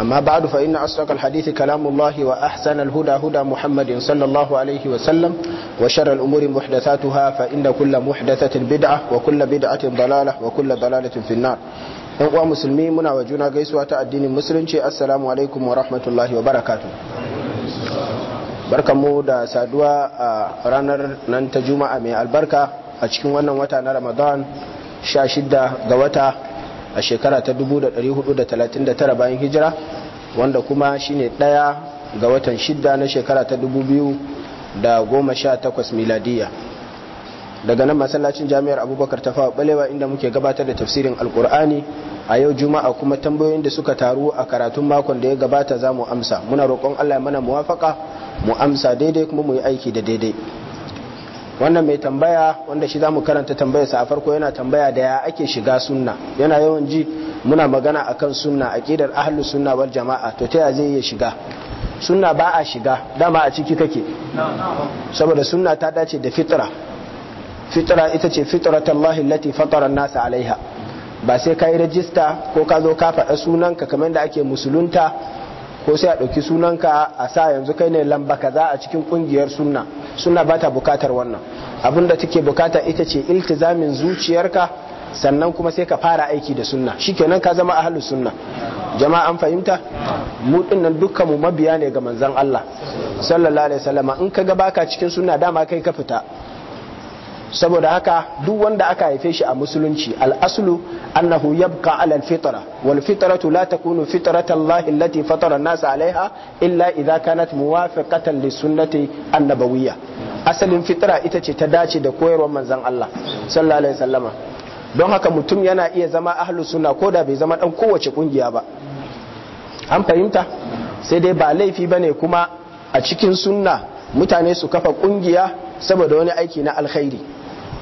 أما بعد فإن أصدق الحديث كلام الله وأحسن الهدى هدى محمد صلى الله عليه وسلم وشر الأمور محدثاتها فإن كل محدثة بدعة وكل بدعة ضلالة وكل ضلالة في النار yan uwa musulmi muna wa juna gaisuwa ta addinin musulunci assalamu alaikum wa rahmatullahi wa barakatu mu da saduwa a ranar nan ta juma'a mai albarka a cikin wannan wata na ramadan 16 ga wata a shekara ta 1439 bayan hijira wanda kuma shine daya ga watan shidda na shekara ta 2018 miladiya daga nan masallacin jami'ar abubakar ta fawa balewa inda muke gabatar da tafsirin alkur'ani a yau juma'a kuma tambayoyin da suka taru a karatun makon da ya gabata za mu amsa muna roƙon allah mana muwafaka mu amsa daidai kuma mu yi aiki da daidai wannan mai tambaya wanda shi za mu karanta sa a farko yana tambaya da ya ake shiga sunna yana yawan ji muna magana akan sunna aqidar ahlus sunna wal jama'a to ta ya zai iya shiga sunna ba a shiga dama a ciki kake saboda sunna ta dace da fitra fitra ita ce fitratallahi allati fatara an alaiha ba sai ka yi rajista ko ka zo ka faɗa sunanka kamar da ake musulunta ko sai a ɗauki sunanka a sa yanzu kai ne lamba kaza a cikin ƙungiyar sunna suna ba ta bukatar wannan abin da take bukata ita ce iltizamin zuciyarka sannan kuma sai ka fara aiki da sunna kenan ka zama ahlus sunna jama'a an fahimta mu dinnan dukkan mu mabiya ne ga manzon Allah sallallahu alaihi wasallam in ka ga baka cikin sunna dama kai ka fita saboda haka duk wanda aka haife shi a musulunci al'asulu أنه يبقى على الفطرة والفطرة لا تكون فطرة الله التي فطر الناس عليها إلا إذا كانت موافقة للسنة النبوية أصل الفطرة إتتي تداشي دكوير ومن زن الله صلى الله عليه وسلم don haka mutum yana iya zama ahlu suna ko da bai zama dan kowace kungiya ba an fahimta sai dai ba laifi ba ne kuma a cikin sunna mutane su kafa kungiya saboda wani aiki na alkhairi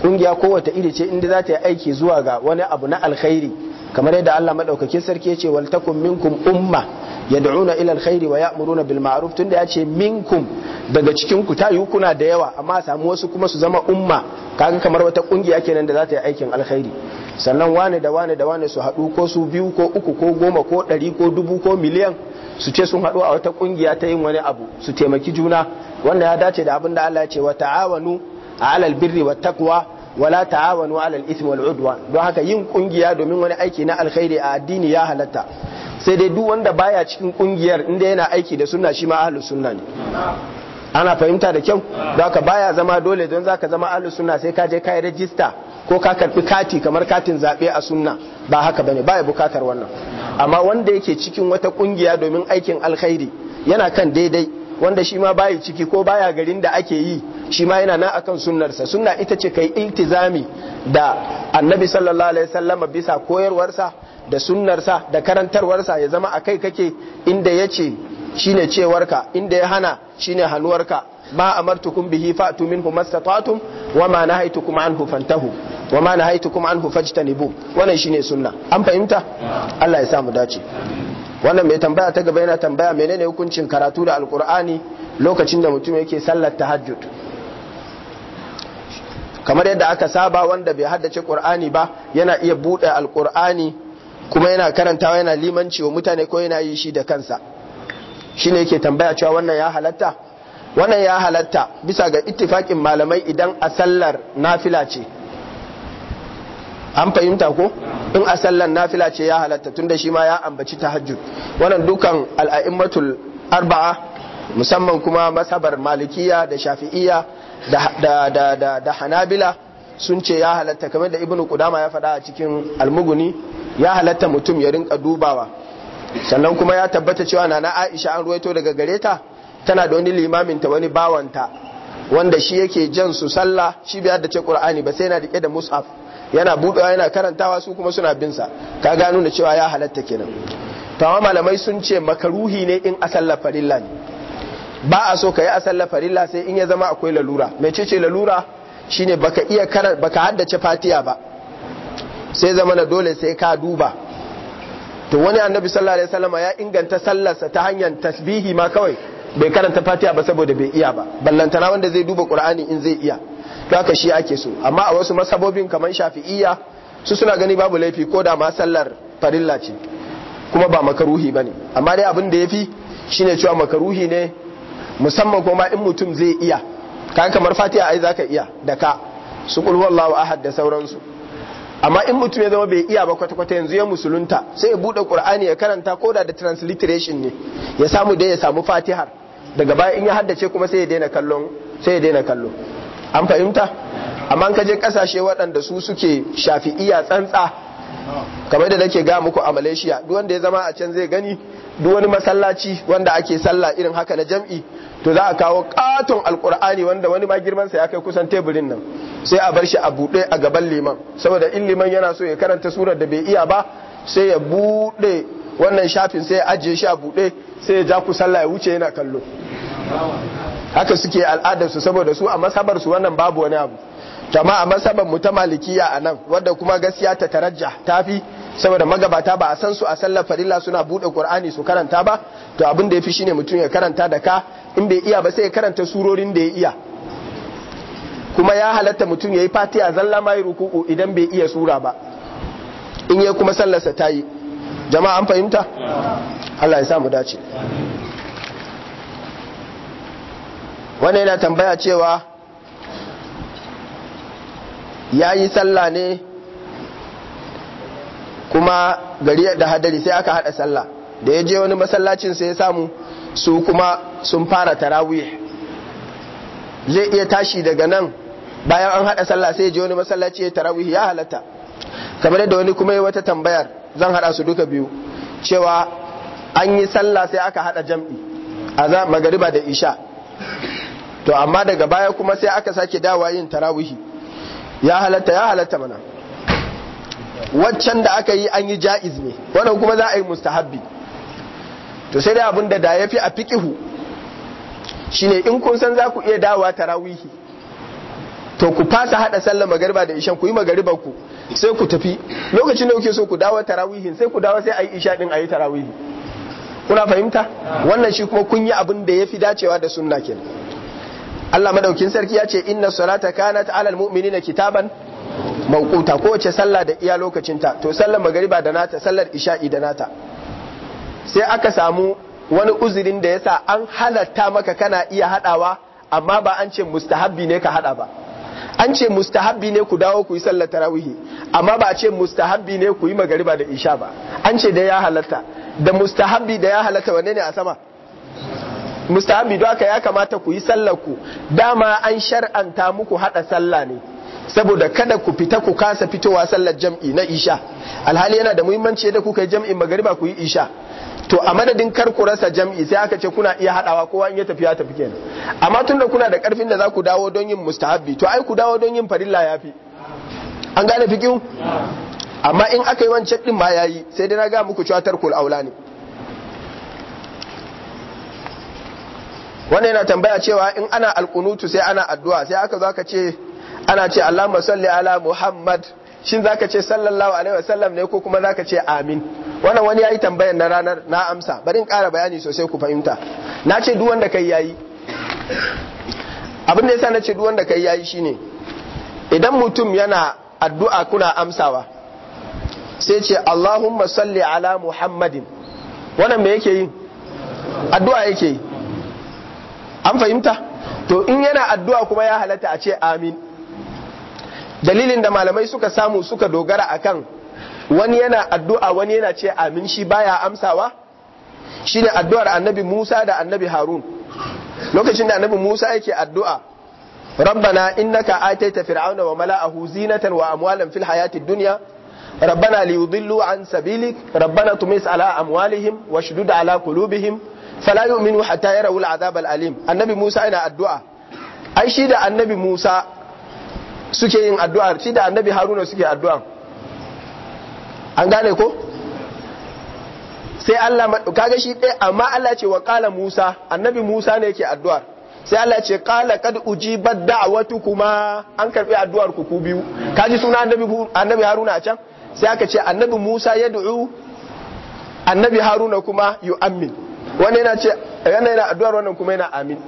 kungiya kowace iri ce inda za ta yi aiki zuwa ga wani abu na alkhairi kamar yadda Allah madaukakin sarki ya ce wal takum minkum umma yad'una ila alkhairi wa ya'muruna bil ma'ruf tunda ya ce minkum daga cikin ku ta yi kuna da yawa amma samu wasu kuma su zama umma kaga kamar wata kungiya kenan da za ta yi aikin alkhairi sannan wani da wani da wani su haɗu ko su biyu ko uku ko goma ko ɗari ko dubu ko miliyan su ce sun hadu a wata kungiya ta yin wani abu su taimaki juna wanda ya dace da abin da Allah ya ce wa ta'awanu alal birri wa takwa wala ta'awanu ala al wal don haka yin kungiya domin wani aiki na alkhairi a addini ya halatta sai dai duk wanda baya cikin kungiyar inda yana aiki da sunna shi ma ahlus sunna ne ana fahimta da kyau don haka baya zama dole don zaka zama ahlus sunna sai ka je kai rajista ko ka karbi kati kamar katin zabe a sunna ba haka bane baya bukatar wannan amma wanda yake cikin wata kungiya domin aikin alkhairi yana kan daidai wanda shi ma bayi ciki ko baya garin da ake yi shi ma yana nan akan sunnarsa sunna ita ce kai iltizami da annabi sallallahu alaihi wasallam bisa koyarwarsa da sunnarsa da karantarwarsa ya zama akai kake inda ya ce shine cewarka inda ya hana shine hannuwarka ma amartukum bihi fa'tu minhu mastata'tum wa ma nahaitukum anhu fantahu wa ma nahaitukum anhu fajtanibu wannan shine sunna an fahimta Allah ya sa mu dace wannan mai tambaya ta gaba yana tambaya menene hukuncin karatu da alkur'ani lokacin da mutum yake sallar tahajjud kamar yadda aka saba wanda bai haddace qur'ani ba yana iya bude alkur'ani kuma yana karantawa yana limanci wa mutane ko yana yi shi da kansa shine yake tambaya cewa wannan ya halatta wannan ya halatta bisa ga ittifakin malamai idan a sallar nafila ce an fahimta ko in a sallan nafila ce ya halatta da shi ma ya ambaci tahajjud wannan dukan al'a'immatul arba'a musamman kuma masabar malikiya da shafi'iyya da, da, hanabila sun ce ya halatta kamar da ibnu kudama ya faɗa a cikin almuguni ya halatta mutum ya rinka dubawa sannan kuma ya tabbata cewa na aisha an ruwaito daga gare ta tana da wani limamin ta wani bawanta wanda shi yake jan su sallah shi bai da ce qur'ani ba sai yana rike da mushaf yana buɗewa yana karantawa su kuma suna bin sa ka gano da cewa ya halatta kenan to amma malamai sun ce makaruhi ne in asalla farilla ne ba a so ka yi asalla farilla sai in ya zama akwai lalura Me ce ce lalura shine baka iya karanta baka haddace fatiya ba sai zama na dole sai ka duba to wani annabi sallallahu alaihi wasallam ya inganta sallarsa ta hanyar tasbihi ma kawai bai karanta fatiya ba saboda bai iya ba ballantana wanda zai duba qur'ani in zai iya to haka shi ake so amma a wasu masabobin kamar shafi'iyya su suna gani babu laifi ko da ma sallar farilla ce kuma ba makaruhi bane amma dai abin da yafi shine cewa makaruhi ne musamman ko ma in mutum zai iya kan kamar fatiha ai zaka iya da ka su qul wallahu ahad da sauransu amma in mutum ya zama bai iya ba kwata-kwata yanzu ya musulunta sai ya bude qur'ani ya karanta ko da transliteration ne ya samu dai ya samu fatihar daga baya in ya haddace kuma sai ya daina kallon sai ya daina kallo an fahimta amma ka je kasashe waɗanda su suke shafi iya tsantsa kamar da nake ga muku a malaysia duk wanda ya zama a can zai gani duk wani masallaci wanda ake sallah irin haka na jam'i to za a kawo katon alkur'ani wanda wani ma girman sa ya kai kusan teburin nan sai a bar shi a buɗe a gaban liman saboda in liman yana so ya karanta surar da bai iya ba sai ya buɗe wannan shafin sai ya ajiye shi a buɗe sai ya ja ku sallah ya wuce yana kallo haka suke al'adar su saboda su a masabar su wannan babu wani abu jama'a a masabar mu ta malikiya a nan wadda kuma gaskiya ta tarajja fi saboda magabata ba a san su a sallar farilla suna buɗe qur'ani su karanta ba to abin da ya yafi shine mutum ya karanta da ka in bai iya ba sai ya karanta surorin da ya iya kuma ya halatta mutum ya yayi fatiya zalla mai ruku'u idan bai iya sura ba in ya kuma sallarsa ta yi jama'a an fahimta Allah ya sa mu dace wanda yana tambaya cewa ya yi sallah ne kuma gari da hadari sai aka hada sallah da ya je wani masallacin sai ya samu su kuma sun fara tarawih zai iya tashi daga nan bayan an hada sallah sai ya je wani masallaci ya tarawih ya halatta kamar yadda wani kuma ya wata tambayar zan hada su duka biyu cewa an yi sallah sai aka hada jam'i a magariba da isha to amma daga baya kuma sai aka sake dawa yin tarawihi ya halatta ya halatta mana waccan da aka yi an yi ja'iz ne wannan kuma za a yi mustahabbi to sai dai abinda da yafi a fiƙihu shine in kun san za ku iya dawa tarawihi to ku fasa hada sallar magariba da ishan ku yi ku sai ku tafi lokacin da kuke so ku dawo tarawihin sai ku dawo sai a yi isha din a tarawihi kuna fahimta ah. wannan shi kuma kun yi abin da ya fi dacewa da sunna kenan Allah madaukin sarki ya ce inna salata kanat ala na kitaban mawquta wace sallah da iya lokacinta to sallar magariba da nata sallar isha'i da nata sai aka samu wani uzurin da yasa an halatta maka kana iya hadawa amma ba an ce mustahabbi ne ka hada ba an ce mustahabbi ne ku dawo ku yi sallar tarawihi amma ba a ce mustahabbi ne ku yi magariba da isha ba an ce da ya halatta da mustahabbi da ya halatta wanne ne a sama mustahabi don aka ya kamata ku yi sallar ku dama an shar'anta muku hada sallah ne saboda kada ku fita ku kasa fitowa sallar jam'i na isha alhali yana da muhimmanci da kuka yi jam'in magariba ku yi isha to a madadin kar ku rasa jam'i sai aka ce kuna iya hadawa kowa in ya tafi ya tafi kenan amma tunda kuna da karfin da za ku dawo don yin mustahabbi to ai ku dawo don yin farilla yafi an gane fikihu amma in aka yi wancan din ma yayi sai dai na ga muku cewa tarkul aula ne wannan yana tambaya cewa in ana alkunutu sai ana addu'a sai aka zaka ce ana ce Allahumma salli ala Muhammad shin zaka ce sallallahu alaihi wasallam ne ko kuma zaka ce amin wannan wani yayi tambayar na ranar na amsa bari in ƙara bayani sosai ku fahimta na ce duk wanda kai yayi abin da yasa na ce duk wanda kai yayi shine idan mutum yana addu'a kuna amsawa sai ce Allahumma salli ala Muhammadin wannan me yake yi addu'a yake yi an fahimta to in yana addu'a kuma ya halatta a ce amin dalilin da malamai suka samu suka dogara akan wani yana addu'a wani yana ce amin shi baya amsawa shine addu'ar annabi Musa da annabi Harun lokacin da annabi Musa yake addu'a rabbana innaka ataita fir'auna wa mala'ahu zinatan wa amwalan fil hayati dunya rabbana liyudillu an sabilik rabbana tumis ala amwalihim washdud ala qulubihim fala yu'minu hatta yarawu al'azab al'alim annabi Musa ina addu'a ai shi da annabi Musa suke yin addu'a shi da annabi Haruna suke addu'a an gane ko sai Allah kaga shi ɗaya amma Allah ce wa qala Musa annabi Musa ne yake addu'ar sai Allah ce qala kad ujibat da'watu kuma an karbi addu'ar ku ku biyu kaji suna annabi annabi Haruna a can sai aka ce annabi Musa yad'u annabi Haruna kuma yu'ammin wannan yana ce wannan yana addu'ar wannan kuma yana amin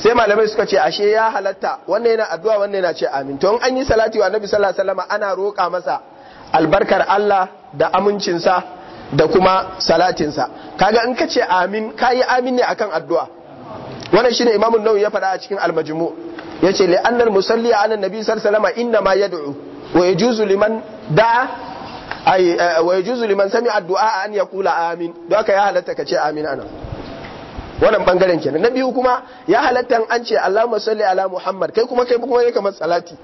sai malamai suka ce ashe ya halatta wannan yana addu'a wannan yana ce amin to in an yi salati wa annabi sallallahu alaihi wasallam ana roƙa masa albarkar Allah da amincinsa da kuma salatinsa kaga in ka ce amin kai amin ne akan addu'a wannan shine imamun nawawi ya faɗa a cikin almajmu yace li annal musalli ala nabi sallallahu alaihi wasallam inna ma yad'u wa yajuzu liman da'a ay eh, wa yajuzu liman sami addu'a an yaqula amin don haka ya halatta ka ce amin anan wannan bangaren kenan na biyu kuma ya halatta an ce Allahumma salli ala Muhammad kai kuma kai kuma kamar salati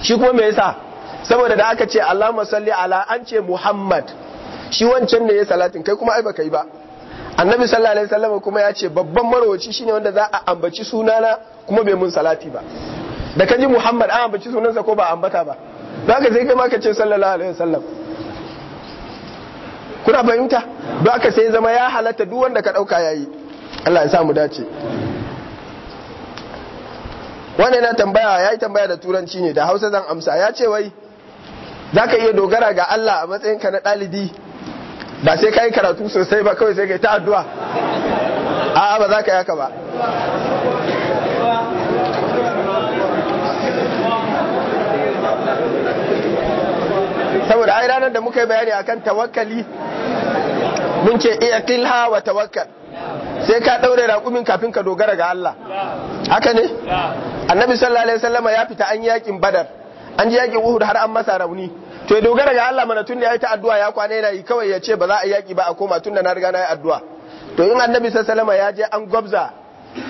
shi kuma me yasa saboda da aka ce Allahumma salli ala an ce Muhammad shi wancan ne ya salatin kai kuma ai baka yi ba annabi sallallahu alaihi wasallam kuma ya ce babban marwaci shine wanda za a ambaci sunana kuma bai mun salati ba da kaji Muhammad an ambaci sunansa ko ba ambata ba zaka sai kai ma ka ce sallallahu alaihi wasallam kuna fahimta don aka sai zama ya halatta duk wanda ka ɗauka yayi. yi Allah ya sa mu dace wanda yana tambaya ya yi tambaya da turanci ne da hausa zan amsa ya ce wai za ka iya dogara ga Allah a matsayin ka na ɗalibi ba sai ka yi karatu sosai ba kawai sai ka yi ta addu'a a'a ba za ka yaka ba saboda ai ranar da muka yi bayani akan tawakkali mun ce iya kilha wa tawakkal sai ka daure raƙumin kafin ka dogara ga Allah haka ne annabi sallallahu alaihi wasallama ya fita an yakin badar an ji yakin uhud har an masa rauni to ya dogara ga Allah mana tunda yi ta addu'a ya kwana yana yi kawai ya ce ba za a yaki ba a koma tunda na riga na yi addu'a to in annabi sallallahu ya je an gwabza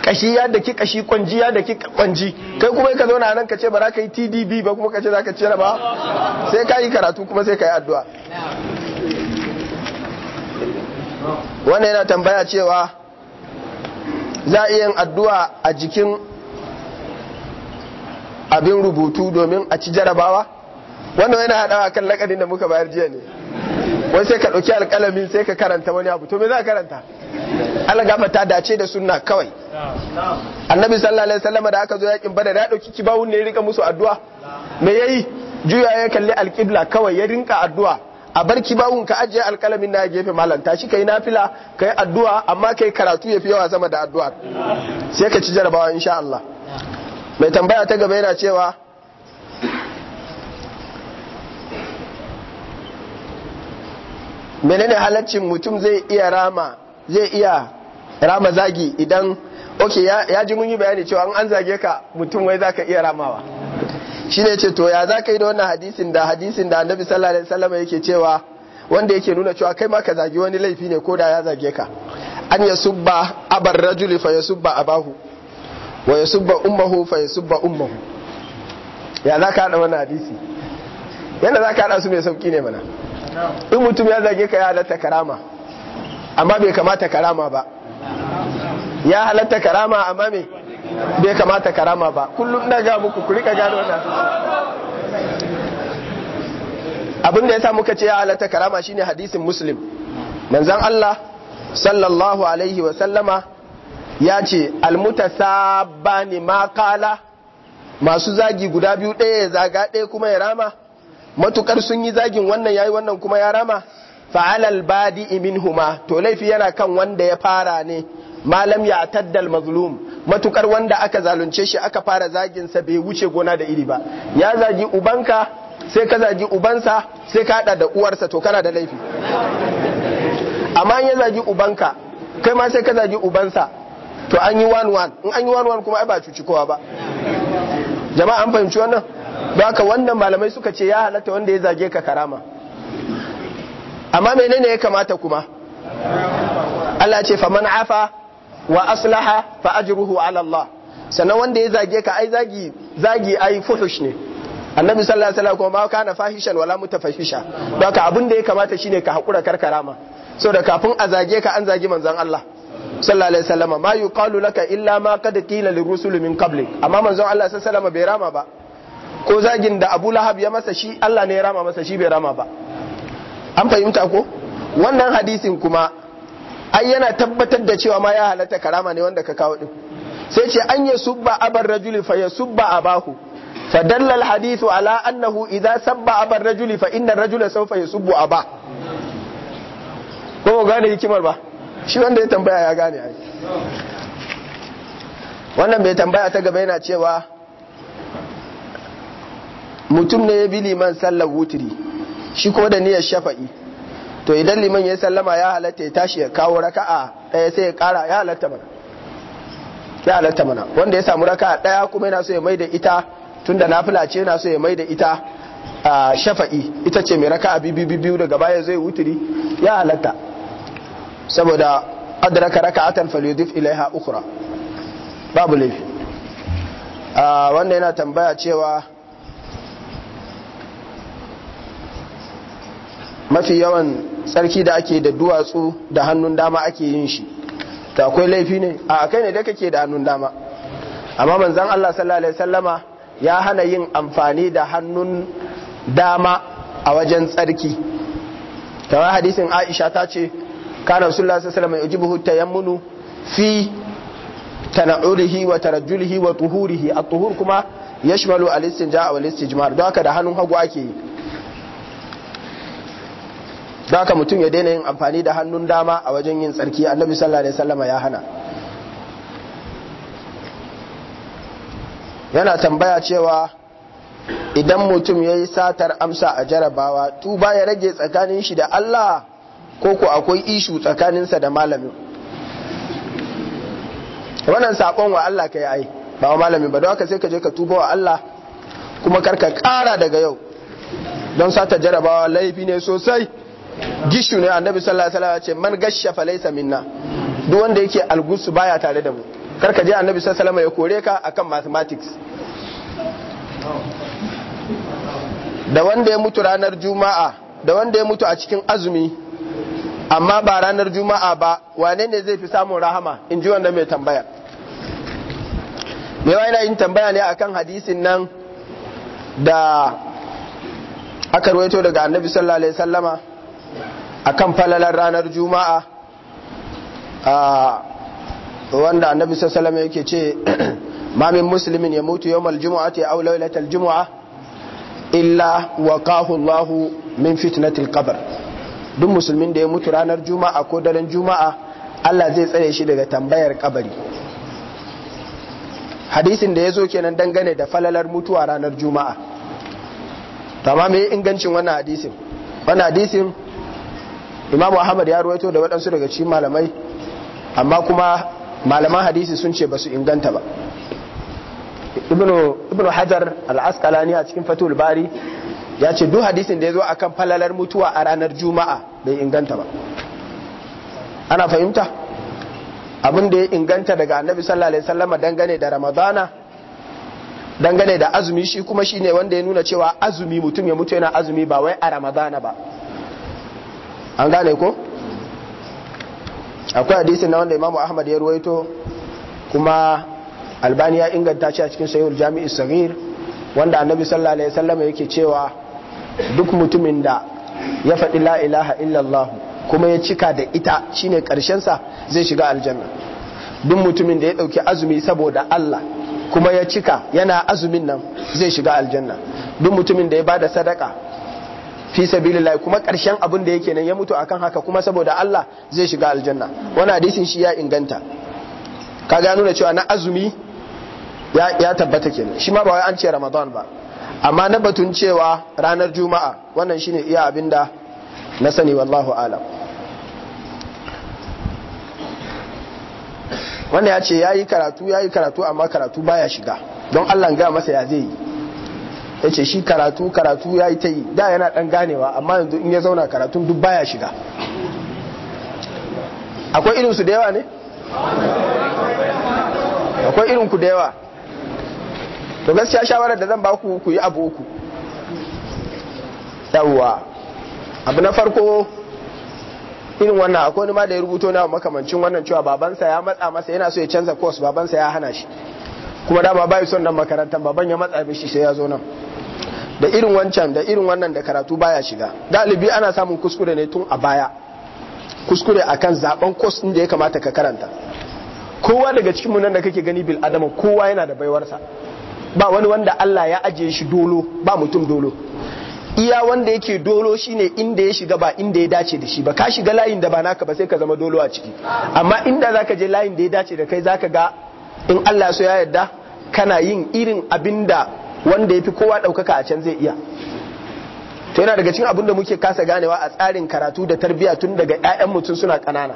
kashi ya da ki kashi kwanji ya da ki kwanji kai kuma ka zauna nan ka ce ba za ka yi TDB ba kuma ka ce za ka ciyar ba sai ka yi karatu kuma sai ka yi addu'a wannan yana tambaya cewa za a iya yin addu'a a jikin abin rubutu domin a ci jarabawa wannan yana haɗawa kan lakadin da muka bayar jiya ne wai sai ka ɗauki alƙalamin sai ka karanta wani abu to me za ka karanta al-gafa ta dace da sunna kawai annabi sallallahu alaihi wasallam da aka zo yakin badar ya dauki kibawun ne ya rika musu addu'a me yayi juya ya kalli alqibla kawai ya rinka addu'a a bar bawun ka ajiye alkalamin na gefe malam shi kai nafila kai addu'a amma kai karatu yafi yawa sama da addu'a sai ka ci jarabawa insha Allah mai tambaya ta gaba yana cewa menene halaccin mutum zai iya rama zai iya rama zagi idan ok ya, ji mun yi bayani cewa an zage ka mutum wai zaka iya ramawa shine ce to ya za ka yi da wannan hadisin da hadisin da annabi sallallahu alaihi wasallam yake cewa wanda yake nuna cewa kai ma ka zagi wani laifi ne ko da ya zage ka an yasubba abar rajuli fa yasubba abahu wa yasubba ummuhu fa yasubba ummuhu ya za ka da wannan hadisi yana za ka da su mai sauki ne mana in mutum ya zage ka ya halatta karama amma bai kamata karama ba ya halatta karama amma me bai kamata karama ba kullum na ga muku ku rika gano na abin da yasa muka ce ya halatta karama shine hadisin muslim manzon Allah sallallahu alaihi wa sallama ya ce almutasabbani ma qala masu zagi guda biyu ɗaya ya zaga ɗaya kuma ya rama matukar sun yi zagin wannan yayi wannan kuma ya rama fa'alal badi minhuma to laifi yana kan wanda ya fara ne malam ya taddal mazlum matukar wanda aka zalunce shi aka fara zagin sa bai wuce gona da iri ba ya zagi ubanka sai ka zagi ubansa sai ka hada da uwarsa to kana da laifi amma ya zagi ubanka kai ma sai ka zagi ubansa to an yi one one in an yi one one kuma ai ba cuci ba jama'a an fahimci wannan don haka wannan malamai suka ce ya halatta wanda ya zage ka karama amma menene ya kamata kuma Allah ce faman afa wa aslaha fa ajruhu ala Allah sannan wanda ya zage ka ai zagi zagi ai fuhush ne annabi sallallahu alaihi wasallam kuma kana fahishan wala mutafahisha don ka abin da ya kamata shine ka hakura karkarama saboda kafin a zage ka an zagi manzon Allah sallallahu alaihi wasallam ma yuqalu laka illa ma qad qila lirrusul min qablik amma manzon Allah sallallahu alaihi wasallam bai rama ba ko zagin da Abu Lahab ya masa shi Allah ne ya rama masa shi bai rama ba an fahimta ko wannan hadisin kuma ai yana tabbatar da cewa ma ya halatta karama ne wanda ka kawo din sai ce an ya subba abar rajuli fa ya subba abahu fa dalla al hadithu ala annahu idza sabba abar rajuli fa inna rajula sawfa yasubbu aba ko gane hikimar ba shi wanda ya tambaya ya gane ai wannan bai tambaya ta gaba yana cewa mutum ne ya bi liman sallar wutri shi ko da niyyar shafa'i to idan liman ya sallama ya halatta ya tashi ya kawo raka'a ɗaya sai ya ƙara ya halatta mana ya halatta mana wanda ya samu raka'a ɗaya kuma yana so ya mai da ita tunda nafila ce yana so ya mai da ita a shafa'i ita ce mai raka'a biyu biyu daga baya zai wuturi ya halatta saboda adraka raka'atan falyudif ilaiha ukhra babu laifi wanda yana tambaya cewa mafi yawan sarki da ake da duwatsu da hannun dama ake yin shi to akwai laifi ne a kai ne da kake da hannun dama amma manzon Allah sallallahu alaihi wasallama ya hana yin amfani da hannun dama a wajen tsarki kamar hadisin Aisha ta ce kana sallallahu alaihi wasallam yujibu tayammunu fi tana'urihi wa tarajjulihi wa tuhurihi at-tuhur kuma yashmalu al-istinja wal istijmar don haka da hannun hagu ake yi don haka mutum ya daina yin amfani da hannun dama a wajen yin tsarki annabi sallallahu alaihi wasallam ya hana yana tambaya cewa idan mutum ya yi satar amsa a jarabawa tuba ya rage tsakanin shi da Allah ko ko akwai ishu tsakaninsa da malamin wannan sakon wa Allah ka yi ai ba wa malamin ba don haka sai ka je ka tuba wa Allah kuma karka kara daga yau don sata jarabawa laifi ne sosai gishu ne annabi sallallahu alaihi wasallam ya ce man gasha fa laysa minna duk wanda yake algusu baya tare da mu kar ka je annabi sallallahu alaihi wasallam ya kore ka akan mathematics da wanda ya mutu ranar juma'a da wanda ya mutu a cikin azumi amma ba ranar juma'a ba wane ne zai fi samun rahama in ji wanda mai tambaya mai yana yin tambaya ne akan hadisin nan da aka ruwaito daga annabi sallallahu alaihi wasallama akan falalar ranar juma'a wanda annabi sallallahu yake ce mamin min ya mutu yawmal jumu'ati aw lailatal juma'a illa waqahu Allah min fitnatil qabr duk musulmin da ya mutu ranar juma'a ko daren juma'a Allah zai tsare shi daga tambayar kabari hadisin da ya zo kenan dangane da falalar mutuwa ranar juma'a tamam ingancin wannan hadisin wannan hadisin imamu ahmad ya ruwaito da waɗansu daga cikin malamai amma kuma malaman hadisi sun ce ba su inganta ba ibnu hajar al askalani a cikin fatul bari ya ce duk hadisin da ya zo a kan falalar mutuwa a ranar juma'a bai inganta ba ana fahimta abin da ya inganta daga annabi sallallahu alaihi dangane da ramadana dangane da azumi shi kuma shi ne wanda ya nuna cewa azumi mutum ya mutu yana azumi ba wai a ramadana ba an gane ko akwai hadisi na wanda imamu ahmad ya ruwaito kuma albani ya inganta shi a cikin sahihul jami'i sagir wanda annabi sallallahu alaihi wasallam yake cewa duk mutumin da ya faɗi la ilaha illallah kuma ya cika da ita shine karshen sa zai shiga aljanna duk mutumin da ya dauki azumi saboda Allah kuma ya cika yana azumin nan zai shiga aljanna duk mutumin da ya bada sadaka fi sabilillahi kuma karshen abin da yake nan ya mutu akan haka kuma saboda Allah zai shiga aljanna wannan hadisin shi ya inganta ka ga nuna cewa na azumi ya, ya tabbata kenan shi ma ba wai an ce ramadan ba amma na batun cewa ranar juma'a wannan shine iya abinda na sani wallahu alam Wannan ya ce yayi karatu yayi karatu amma karatu baya shiga don Allah ga masa ya zai yi ya ce shi karatu karatu ya yi ta yi da yana dan ganewa amma yanzu in ya zauna karatun duk baya shiga akwai irinsu da yawa ne akwai ku da yawa to gaskiya shawarar da zan ba ku ku yi abu uku yawwa abu na farko irin wannan akwai wani ma da ya rubuto na makamancin wannan cewa babansa ya matsa masa yana so ya canza course babansa ya hana shi kuma da ba bai son nan makarantar baban ya matsa mishi sai ya zo nan da irin wancan da irin wannan da karatu baya shiga galibi ana samun kuskure ne tun a baya kuskure akan zaben kwas din da ya kamata ka karanta kowa daga cikin nan da kake gani bil adama kowa yana da baiwarsa ba wani wanda Allah ya ajiye shi dolo ba mutum dolo iya wanda yake dolo shine inda ya shiga ba inda ya dace da shi ba ka shiga layin da ba naka ba sai ka zama dolo a ciki amma inda zaka je layin da ya dace da kai zaka ga in Allah so ya yarda kana yin irin abinda wanda ya fi kowa ɗaukaka a can zai iya to yana daga cin abinda muke kasa ganewa a tsarin karatu da tarbiyya tun daga 'ya'yan mutum suna ƙanana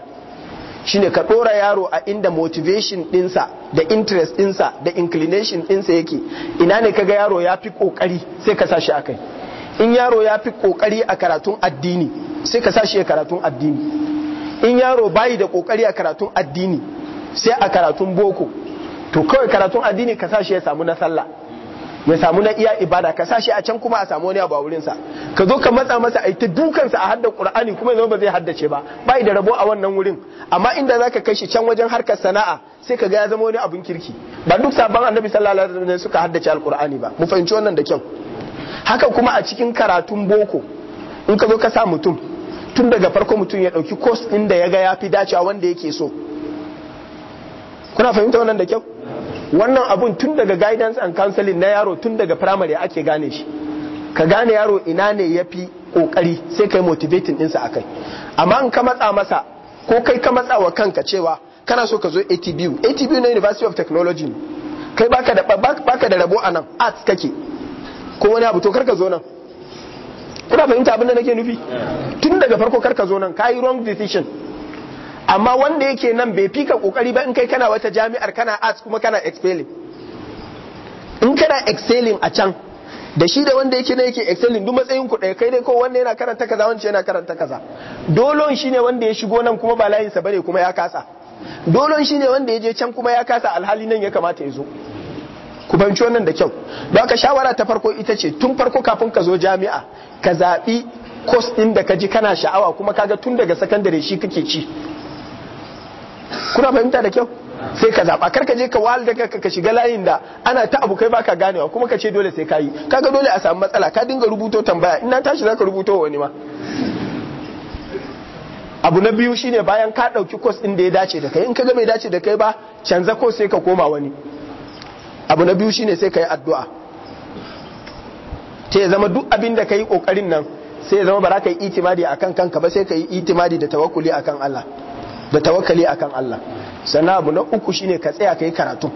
shine ka ɗora yaro a inda motivation ɗinsa da interest ɗinsa da inclination ɗinsa yake ina ne kaga yaro ya fi ƙoƙari sai ka sa a kai in yaro ya fi ƙoƙari a karatun addini sai ka sa shi karatun addini in yaro bayi da ƙoƙari a karatun addini sai a karatun boko to kawai karatun addini ka sa ya samu na sallah ya samu na iya ibada ka sa shi a can kuma a samu wani abu a wurin sa ka zo ka matsa masa a ta a hadda qur'ani kuma yanzu ba zai haddace ba bai da rabo a wannan wurin amma inda zaka kai shi can wajen harkar sana'a sai ka ga ya zama wani abun kirki ba duk sabon annabi sallallahu alaihi wasallam suka haddace alqur'ani ba mu fahimci wannan da kyau haka kuma a cikin karatun boko in ka zo ka sa mutum tun daga farko mutum ya ɗauki kos ɗin da ya ga ya fi dacewa wanda yake so kuna fahimta wannan da kyau wannan abun tun daga guidance and counseling na yaro tun daga primary ake gane shi ka gane yaro ina ne ya fi kokari sai kai motivating ɗinsa a kai amma in ka matsa masa ko kai ka matsa wa kanka cewa kana so ka zo atbu atbu na university of technology kai baka da baka da rabo a nan arts kake ko wani abu to karka zo nan kuna fahimta abin da nake nufi tun daga farko karka zo nan ka yi wrong decision amma wanda yake nan bai fika kokari ba in kai kana wata jami'ar kana arts kuma kana excelling in kana excelling a can da shi da wanda yake na yake excelling duk matsayin ku ɗaya kai dai ko wanda yana karanta kaza wanda yana karanta kaza dolon shine wanda ya shigo nan kuma ba layinsa bane kuma ya kasa dolon shine wanda ya je can kuma ya kasa alhali nan ya kamata ya zo ku fahimci wannan da kyau don haka shawara ta farko ita ce tun farko kafin ka zo jami'a ka zaɓi course ɗin da ka ji kana sha'awa kuma kaga tun daga sakandare shi kake ci kuna fahimta da kyau sai ka zaba karka je ka wal daga ka shiga layin da ana ta abu kai baka ganewa kuma ka ce dole sai ka yi kaga dole a samu matsala ka dinga rubuto tambaya in na tashi zaka rubuto wani ma abu na biyu shine bayan ka dauki course din da ya dace da kai in kaga bai dace da kai ba canza course sai ka koma wani abu na biyu shine sai ka yi addu'a ta ya zama duk abin da ka yi kokarin nan sai ya zama ba za ka yi itimadi akan kanka ba sai ka yi itimadi da tawakkuli akan Allah da tawakkali akan Allah sannan abu na uku shine ka tsaya kai karatu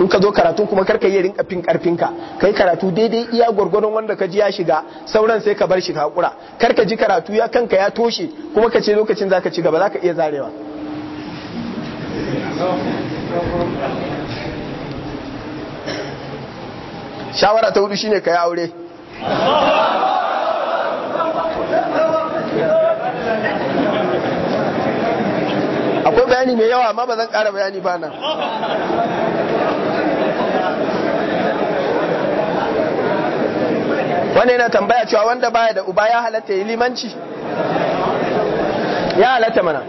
in ka zo karatu kuma kar ka yi rinka fin karfinka kai karatu daidai iya gwargwadon wanda ka ji ya shiga sauran sai ka bar shi hakura kar ka ji karatu ya kanka ya toshe kuma ka ce lokacin zaka ci gaba zaka iya zarewa shawara ta hudu shine ka yi aure bayani mai yawa amma ba zan ƙara bayani ba nan wanda yana tambaya cewa wanda baya da uba ya halatta yi limanci ya halatta mana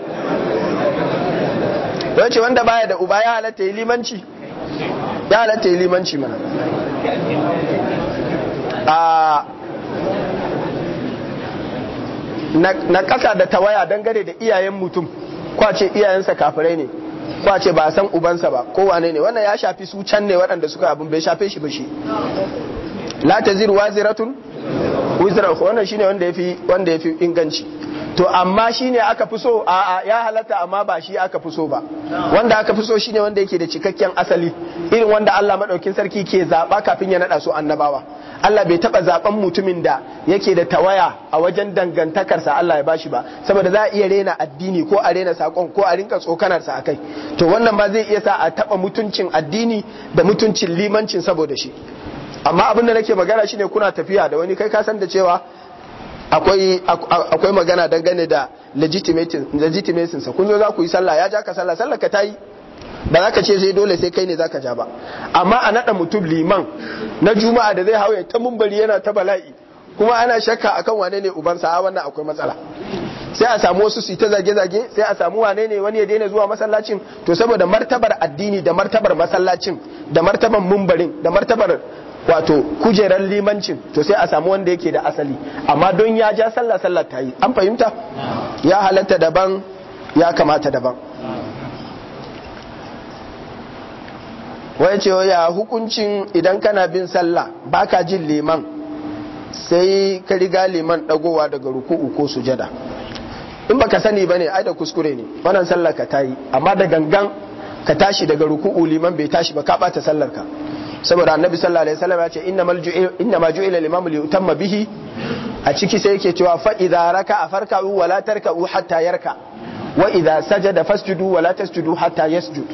don ce wanda baya da uba ya halatta yi limanci ya halatta yi limanci mana a na kasa da tawaya dangane da iyayen mutum kwace iyayensa kafirai ne kwace ba san ubansa ba ko wane ne wannan ya shafi su can ne waɗanda suka abin bai shafe shi ba shi la taziru waziratun wizra wannan shine wanda ya fi inganci to amma shi ne aka fi so a ya halatta amma ba shi aka fi so ba wanda aka fi so shi ne wanda yake da cikakken asali irin wanda Allah maɗaukin sarki ke zaɓa kafin ya naɗa su annabawa Allah bai taɓa zaɓen mutumin da yake da tawaya a wajen dangantakarsa Allah ya ba shi ba saboda za a iya rena addini ko a rena sakon ko a rinka tsokanarsa kai. to wannan ma zai iya sa a taɓa mutuncin addini da mutuncin limancin saboda shi amma abin da nake magana shine kuna tafiya da wani kai ka san da cewa akwai magana magana dangane da legitimacin sa kun zo za ku yi sallah ya ja ka sallah sallah ka tayi ba za ka ce sai dole sai kai ne za ka ja ba amma a naɗa mutum liman na juma'a da zai hau hauye ta mumbari yana ta bala'i kuma ana shakka akan wane ne uban a wannan akwai matsala sai a samu wasu su ta zage-zage sai a samu wane ne wani ya daina zuwa masallacin to saboda martabar addini da martabar masallacin da martabar mumbarin da martabar wato kujerar limancin to sai a samu wanda yake da asali amma don ya ja sallah sallah ta yi an fahimta ya halatta daban ya kamata daban Wani ce ya hukuncin idan kana bin sallah baka jin liman sai ka riga liman dagowa daga ruku'u ko sujada in baka sani bane ai da kuskure ne wannan sallar ka ta yi. amma da gangan ka tashi daga ruku'u liman bai tashi ba ka bata sallar ka saboda annabi sallallahu alaihi wasallam ya ce inna ma ju'ila al-imam li yutamma bihi a ciki sai yake cewa fa idza raka'a farka'u wa la tarka'u hatta yarka wa idza sajada fasjudu wa la tasjudu hatta yasjud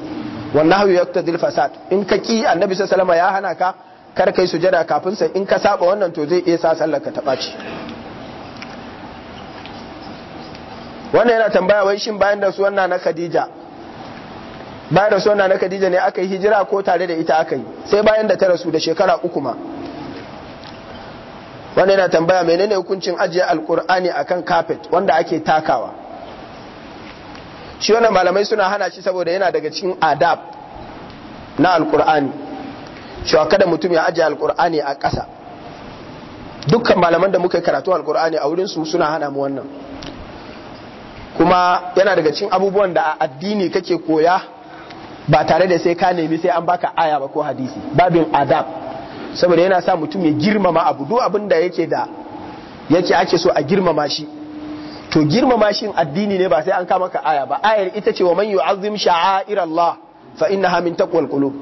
wannan hayu yaqtadi al-fasad in ka ki annabi sallallahu alaihi wasallam ya hana ka kar kai sujada kafin sa in ka saba wannan to zai iya sa sallar ka ta ɓaci wannan yana tambaya wai shin bayan da su wannan na Khadija bayan rasuwar na Khadija ne aka yi hijira ko tare da ita aka yi sai bayan da ta rasu da shekara uku ma wanda yana tambaya menene hukuncin ajiye alkur'ani akan kafet wanda ake takawa shi wannan malamai suna hana shi saboda yana daga cikin adab na alkur'ani cewa kada mutum ya ajiye alkur'ani a ƙasa dukkan malaman da muka karatu alkur'ani a wurinsu suna hana mu wannan kuma yana daga cikin abubuwan da a addini kake koya ba tare da sai ka nemi sai an baka aya ba ko hadisi babin adab saboda yana sa mutum ya girmama abu duk abin da yake da yake ake so a girmama shi to girmama shi addini ne ba sai an kama ka aya ba ayar ita ce wa man yu'azzim Allah. fa innaha min taqwal qulub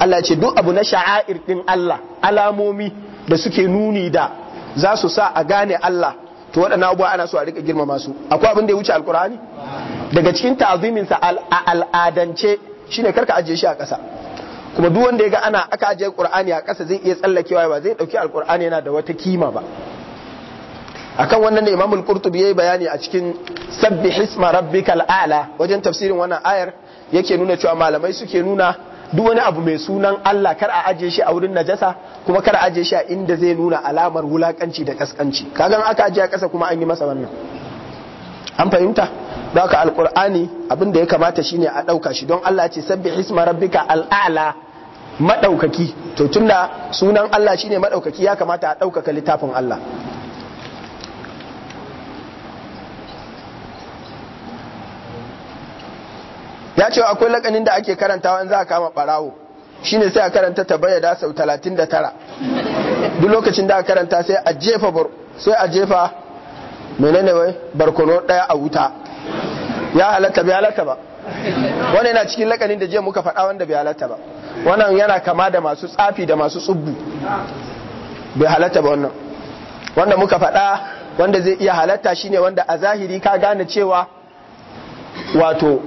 Allah ce duk abu na sha'air din Allah alamomi da suke nuni da za su sa a gane Allah to waɗannan abubuwa ana so a rika girmama su akwai abin da ya wuce alkur'ani daga cikin ta'zimin sa al'adance shine karka ajiye shi a ƙasa kuma duk wanda ya ga ana aka ajiye qur'ani a ƙasa zai iya tsallakewa ba zai dauki alqur'ani yana da wata kima ba akan wannan ne imamul qurtubi yayi bayani a cikin sabbih isma rabbikal a'la wajen tafsirin wannan ayar yake nuna cewa malamai suke nuna duk wani abu mai sunan Allah kar a ajiye shi a wurin najasa kuma kar a ajiye shi a inda zai nuna alamar wulakanci da kaskanci kagan aka ajiye a ƙasa kuma an yi masa wannan an fahimta don haka alkur'ani abinda ya kamata shine a ɗauka shi don Allah ce sabbi isma rabbika al'ala madaukaki to tunda sunan Allah shine maɗaukaki ya kamata a ɗaukaka littafin Allah ya ce akwai lakanin da ake karantawa in za a kama barawo shine sai a karanta ta bayyada sau 39 duk lokacin da a karanta sai a jefa sai a jefa menene wai barkono daya a wuta ya halatta bai halatta ba wani yana cikin lakanin da jiya muka faɗa wanda bai halatta ba wannan yana kama da masu tsafi da masu tsubbu bai halatta ba wannan wanda muka faɗa wanda zai iya halatta shine wanda a zahiri ka gane cewa wato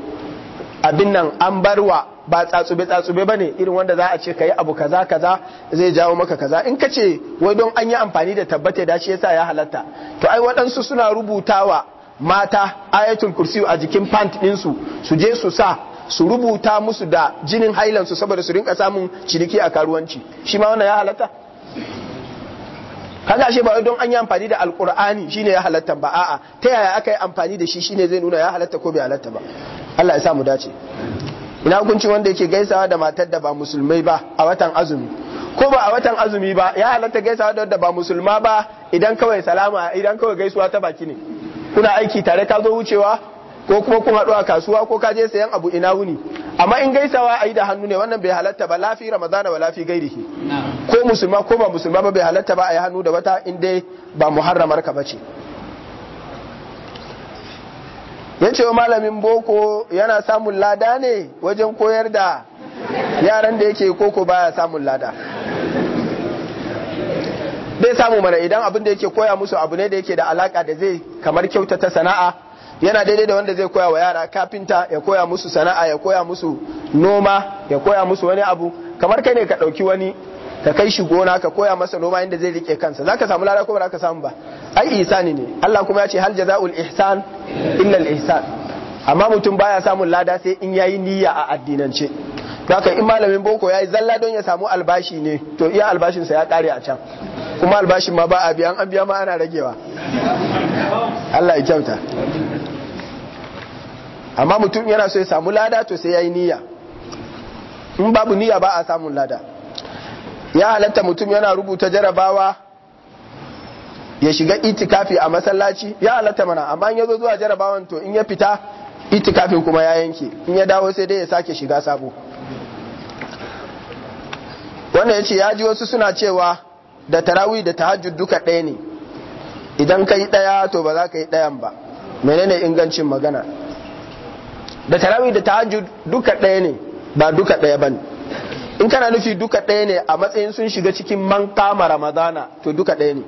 abin nan an barwa ba tsatsube tsatsube bane irin wanda za a ce kai abu kaza kaza zai jawo maka kaza in ka ce wai don an yi amfani da tabbata da shi yasa ya halatta to ai waɗansu suna rubutawa mata ayatul kursi a jikin pant ɗinsu su je su sa su rubuta musu da jinin hailansu saboda su rinka samun ciniki a karuwanci shi ma wannan ya halatta kaga shi ba don an yi amfani da alqur'ani shine ya halatta ba a'a ta yaya aka yi amfani da shi shine zai nuna ya halatta ko bai halatta ba Allah ya sa mu dace ina hukuncin wanda yake gaisawa da matar da ba musulmai ba a watan azumi ko ba a watan azumi ba ya halatta gaisawa da wanda ba musulma ba idan kawai salama idan kawai gaisuwa ta baki ne kuna aiki tare ka zo wucewa ko kuma kun haɗu a kasuwa ko ka je sayan abu ina wuni amma in gaisawa a yi da hannu ne wannan bai halatta ba lafi ramadana wa lafi gairihi ko musulma ko ba musulma ba bai halatta ba a yi hannu da wata in dai ba muharramar ka bace ya ce wa malamin boko yana samun lada ne wajen koyar da yaran da yake koko baya samun lada bai samu mana idan abin da yake koya musu abu ne da yake da alaka da zai kamar kyautata sana'a yana daidai da wanda zai koya wa yara kafinta ya koya musu sana'a ya koya musu noma ya koya musu wani abu kamar kai ne ka ɗauki wani ka kai shi gona ka koya masa noma inda zai rike kansa zaka samu lada ko ba ka samu ba ai ihsani ne Allah kuma ya ce hal jazaul ihsan illa al ihsan amma mutum baya samun lada sai in yayi niyya a addinance haka in malamin boko yayi zalla don ya samu albashi ne to iya albashin sa ya kare a can kuma albashin ma ba a biya an biya ma ana ragewa Allah ya kyauta amma mutum yana so ya samu lada to sai ya yi niyya in babu niyya ba a samun lada ya halatta mutum yana rubuta jarabawa ya shiga itikafi a masallaci ya halatta mana amma in ya zo zuwa jarabawan to in ya fita itikafin kuma ya yanke in ya dawo sai dai ya sake shiga sabo wannan ya ce ya ji wasu suna cewa da tarawih da tahajjud duka ɗaya ne idan ka yi ɗaya to ba za ka yi ɗayan ba menene ingancin magana da tarawih da tahajjud duka ɗaya ne ba duka ɗaya ba ne in kana nufi duka ɗaya ne a matsayin sun shiga cikin man kama ramadana to duka ɗaya ne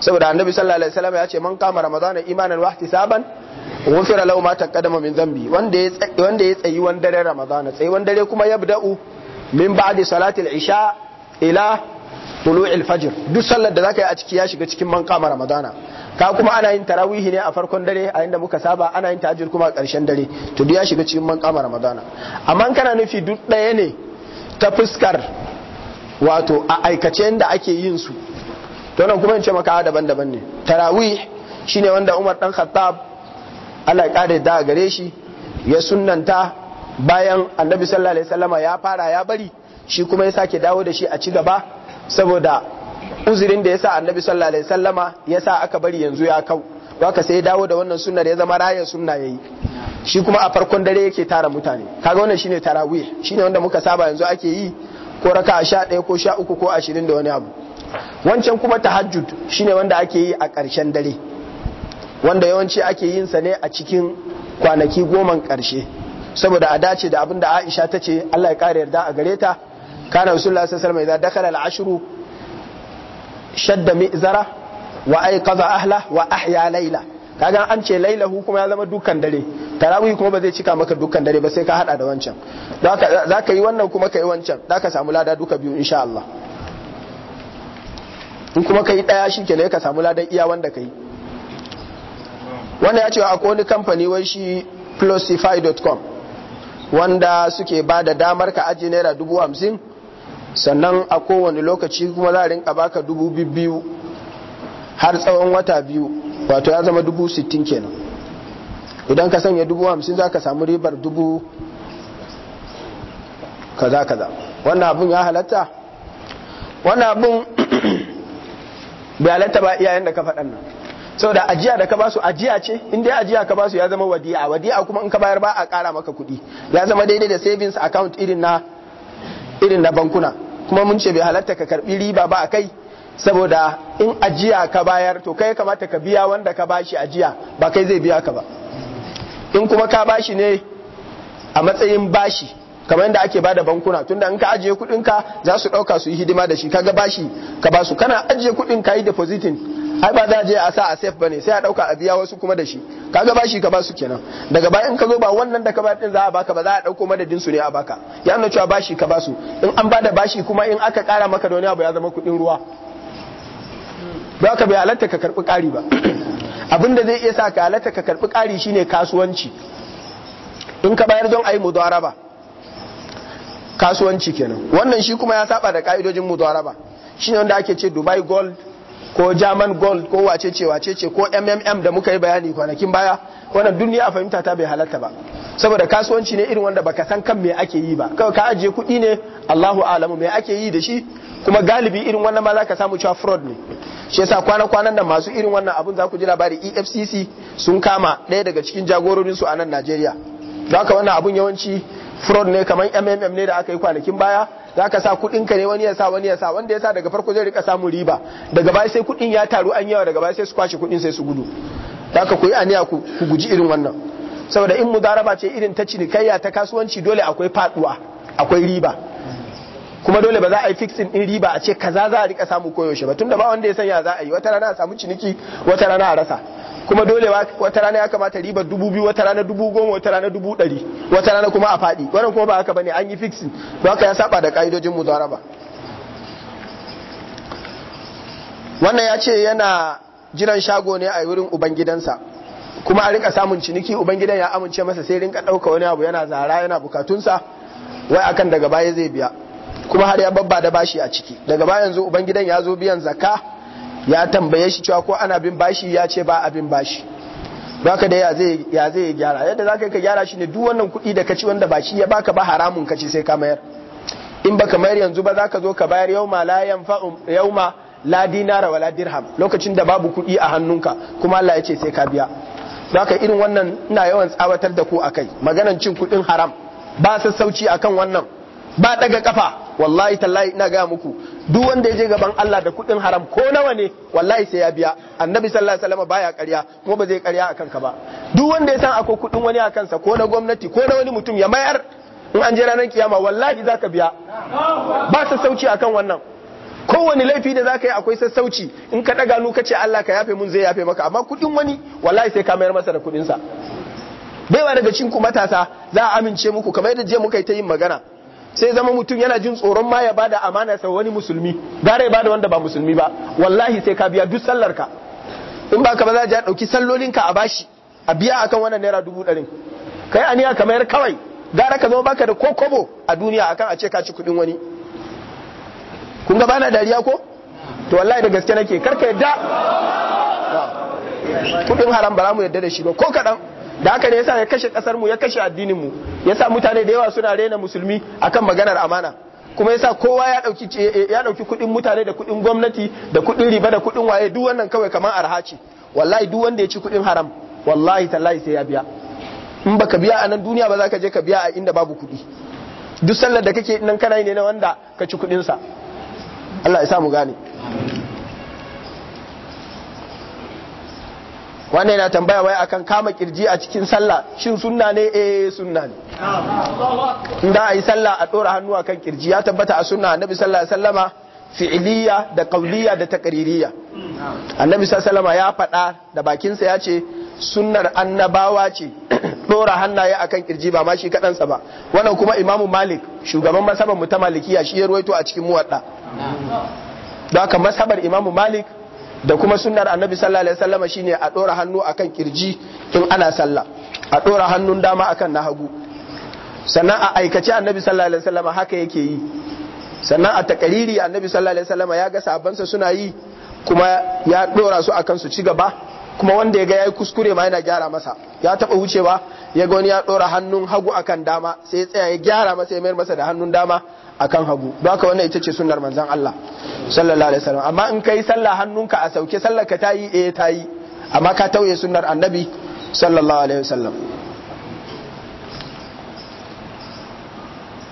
saboda annabi sallallahu alaihi wasallam ya ce man kama ramadana imanan wahti ihtisaban ghufira lahu ma taqaddama min dhanbi wanda ya wanda ya tsayi wan dare ramadana tsayi wan dare kuma yabda'u min ba'di salati al-isha ila tulu'il fajr duk sallar da zaka yi a ciki ya shiga cikin man kama ramadana ka kuma ana yin tarawihi ne a farkon dare a inda muka saba ana yin tahajjud kuma a ƙarshen dare to duk ya shiga cikin man kama ramadana amma kana nufi duk ɗaya ne ta fuskar wato a aikace inda ake yin su to nan kuma in ce maka daban-daban ne tarawih shine wanda Umar dan Khattab Allah ya kare da gare shi ya sunnanta bayan Annabi sallallahu alaihi wasallama ya fara ya bari shi kuma ya sake dawo da shi a ci gaba saboda uzurin da ya sa annabi sallallahu alaihi wasallama sa aka bari yanzu ya kau baka sai ya dawo da wannan sunnar ya zama raya sunna yayi shi kuma a farkon dare yake tara mutane kaga wannan shine tarawih shine wanda muka saba yanzu ake yi ko raka a sha ɗaya ko sha uku ko ashirin da wani abu wancan kuma tahajjud shine wanda ake yi a ƙarshen dare wanda yawanci ake yin sa ne a cikin kwanaki goman ƙarshe saboda a dace da abin da Aisha ta ce Allah ya ƙara yarda a gare ta kana rasulullah sallallahu alaihi wasallam idza dakala al-ashru shadda mi'zara wa ayqadha ahla wa ahya layla kaga an ce hu kuma ya zama dukkan dare tarawih kuma ba zai cika maka dukkan dare ba sai ka hada da wancan za ka yi wannan kuma ka yi wancan za ka samu lada duka biyu insha Allah in kuma ka yi daya shi ka samu ladan iya wanda ka yi ya ce akwai wani kamfani wai shi plusify.com wanda suke ba da damar ka ajiye naira dubu hamsin sannan a kowane lokaci kuma za a rinka baka dubu biyu har tsawon wata biyu wato ya zama dubu sittin kenan idan ka sanya dubu hamsin za ka samu ribar dubu kaza kaza wannan abun ya halatta wannan abun bai halatta ba iyayen da ka faɗan nan saboda ajiya da ka basu ajiya ce in dai ajiya ka basu ya zama wadi'a wadi'a kuma in ka bayar ba a ƙara maka kuɗi ya zama daidai da savings account irin na irin na bankuna kuma mun ce bai halatta ka karbi riba ba a kai saboda in ajiya ka bayar to kai kamata ka biya wanda ka bashi ajiya ba kai zai biya ka ba in kuma ka bashi ne a matsayin bashi kamar yadda ake ba da bankuna tunda in ka ajiye kudin ka za su dauka su yi hidima da shi kaga bashi ka basu kana ajiye kudin ka yi depositin ai ba za a je a sa a safe bane sai a dauka a biya wasu kuma da shi kaga bashi ka basu kenan daga bayan ka zo ba wannan da ka ba din za a baka ba za a dauko madadin su ne a baka ya nuna cewa bashi ka ba su. in an bada bashi kuma in aka kara maka da wani abu ya zama kudin ruwa ba ka bai halatta ka karbi kari ba abin da zai iya sa ka halatta ka karbi kari shine kasuwanci in ka bayar don ayi mudaraba kasuwanci kenan wannan shi kuma ya saba da ka'idojin mudaraba shine wanda ake ce Dubai Gold ko german gold ko wacece wacece ko mmm da muka yi bayani kwanakin baya wannan duniya a fahimta ta bai halatta ba saboda kasuwanci ne irin wanda baka san kan me ake yi ba kawai ka ajiye kuɗi ne Allahu alamu me ake yi da shi kuma galibi irin wannan ma zaka samu cewa fraud ne shi yasa kwana-kwanan nan masu irin wannan abun za ku ji labari EFCC sun kama ɗaya daga cikin jagororinsu a nan Najeriya don haka wannan abun yawanci fraud ne kamar mmm ne da aka yi kwanakin baya za ka sa ka ne wani ya sa wani ya sa wanda ya sa daga farko zai rika samun riba daga baya sai kuɗin ya taru an yawa daga baya sai su kwashe kuɗin sai su gudu za ka koyi aniya ku guji irin wannan saboda in mudaraba ce irin ta cinikayya ta kasuwanci dole akwai faduwa akwai riba kuma dole ba za a yi fixin din riba a ce kaza za a rika samu koyaushe ba tunda ba wanda ya sanya za a yi wata rana a samu ciniki wata rana a rasa kuma dole wata rana ya kamata riba dubu biyu wata rana dubu goma wata rana dubu ɗari wata rana kuma a faɗi wannan kuma ba haka bane an yi fixing ba haka ya saba da ƙa'idojin mu ka'idojin ba. wannan ya ce yana jiran shago ne a wurin ubangidansa kuma a rinka samun ciniki ubangidan ya amince masa sai rinka ɗauka wani abu yana zara yana bukatunsa wai akan daga baya zai biya kuma har ya babba da bashi a ciki daga baya yanzu ubangidan ya zo biyan zakka ya tambaye shi cewa ko ana bin bashi ya ce ba abin bashi baka da ya zai ya gyara yadda za ka yi ka gyara shi ne duk wannan kuɗi da ka kaci wanda ba shi ya baka ba haramun kaci sai ka mayar in baka mayar yanzu ba za ka zo ka bayar yauma la yau ma la dinara wala dirham lokacin da babu kuɗi a hannunka kuma Allah ya ce sai ka biya baka irin wannan ina yawan tsawatar da ku akai maganan cin kuɗin haram ba sassauci akan wannan ba daga kafa wallahi tallahi ina ga muku duk wanda ya je gaban Allah da kuɗin haram ko nawa ne wallahi sai ya biya annabi sallallahu alaihi wasallam baya ƙarya kuma ba zai ƙarya akan ka ba duk wanda ya san akwai kuɗin wani a kansa ko na gwamnati ko na wani mutum ya mayar in an je ranar kiyama wallahi zaka biya ba sauci akan wannan kowane laifi da zaka yi akwai sassauci in ka daga nu kace Allah ka yafe mun zai yafe maka amma kuɗin wani wallahi sai ka mayar masa da sa. baiwa daga cikin ku matasa za a amince muku kamar yadda jiya muka yi ta yin magana sai zama mutum yana jin tsoron ma ya bada amana sa wani musulmi gare ya bada wanda ba musulmi ba wallahi sai ka biya duk sallar ka in ba ka ba za ka dauki sallolin ka a bashi a biya akan wannan naira dubu ɗari kai aniya kamar kawai gara ka zama baka da ko kobo a duniya akan a ce ka ci kuɗin wani kun ga bana dariya ko to wallahi da gaske nake karka yadda kudin haram ba za mu yadda da shi ba ko kaɗan da haka ne yasa ya kashe kasar mu ya kashe addinin mu yasa mutane da yawa suna rena musulmi akan maganar amana kuma yasa kowa ya dauki ya dauki kudin mutane da kudin gwamnati da kudin riba da kudin waye duk wannan kawai kamar arha ce wallahi duk wanda ya ci kudin haram wallahi tallahi sai ya biya in baka biya a nan duniya ba za ka je ka biya a inda babu kudi duk sallar da kake nan kana ne na wanda ka ci kudin sa Allah ya sa mu gane wannan yana tambaya wai akan kama kirji a cikin sallah shin sunna ne eh sunna ne in da a yi sallah a dora hannu akan kirji ya tabbata a sunna annabi sallallahu alaihi wasallama fi'iliya da Qawliya da taqririyya annabi sallallahu alaihi ya faɗa da bakinsa ya ce sunnar annabawa ce dora hannaye akan kirji ba ma shi sa ba wannan kuma imamu malik shugaban masabar mu ta malikiya shi ya ruwaito a cikin muwadda don haka masabar imamu malik da kuma sunnar annabi sallallahu alaihi wasallam shine a dora hannu akan kirji in ana sallah a dora hannun dama akan na hagu sannan a aikace annabi sallallahu alaihi wasallam haka yake yi sannan a takariri annabi sallallahu alaihi wasallam ya ga sabansa suna yi kuma ya dora su akan su ci gaba kuma wanda ya ga yayi kuskure ma yana gyara masa ya taba wucewa ya ga wani ya dora hannun hagu akan dama sai ya tsaya ya gyara masa ya mayar masa da hannun dama akan hagu don haka wannan ita ce sunnar manzon Allah sallallahu alaihi wasallam amma in kai sallah hannunka a sauke sallar ka tayi eh tayi amma ka tauye sunnar annabi sallallahu alaihi wasallam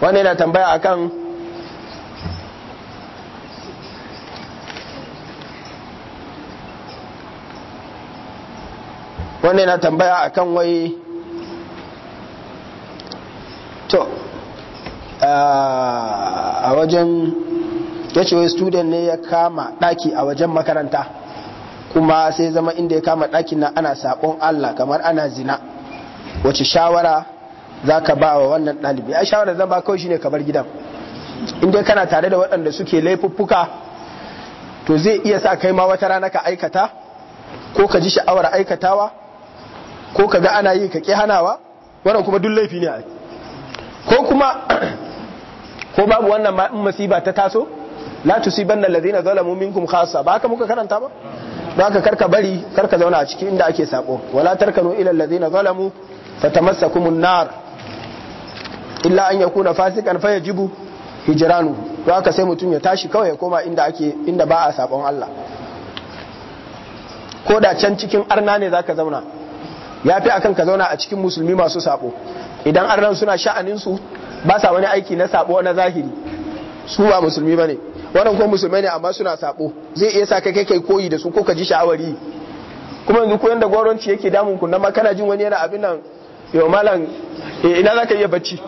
wannan yana tambaya akan wannan yana tambaya akan wai to a wajen ya ce wai student ne ya kama ɗaki a wajen makaranta kuma sai zama inda ya kama ɗakin na ana saƙon Allah kamar ana zina wace shawara za ka ba wa wannan ɗalibi a shawara zan ba kawai shine kamar gidan inda kana tare da waɗanda suke laifuffuka to zai iya sa kai ma wata rana ka aikata ko ka ji sha'awar aikatawa ko ka ga ana yi ka ƙi hanawa wannan kuma duk laifi ne ko kuma ko babu wannan ma in masiba ta taso la tusibanna alladhina zalamu minkum khassa ba ka muka karanta ba ba ka karka bari karka zauna a cikin inda ake sako wala tarkanu ila alladhina zalamu fatamassakumun nar illa an yakuna fasikan fayajibu hijranu to aka sai mutum ya tashi kawai ya koma inda ake inda ba a sabon Allah ko da can cikin arna ne zaka zauna ya fi akan ka zauna a cikin musulmi masu sabo idan arnan suna sha'aninsu ba sa wani aiki na sabo na zahiri su ba musulmi ba ne wannan kuma musulmai ne amma suna sabo zai iya sa kai kai koyi da su ko ka ji sha'awari kuma yanzu ko yanda gwaronci yake damun ku ma kana jin wani yana abin nan yau malam eh, ina ka iya bacci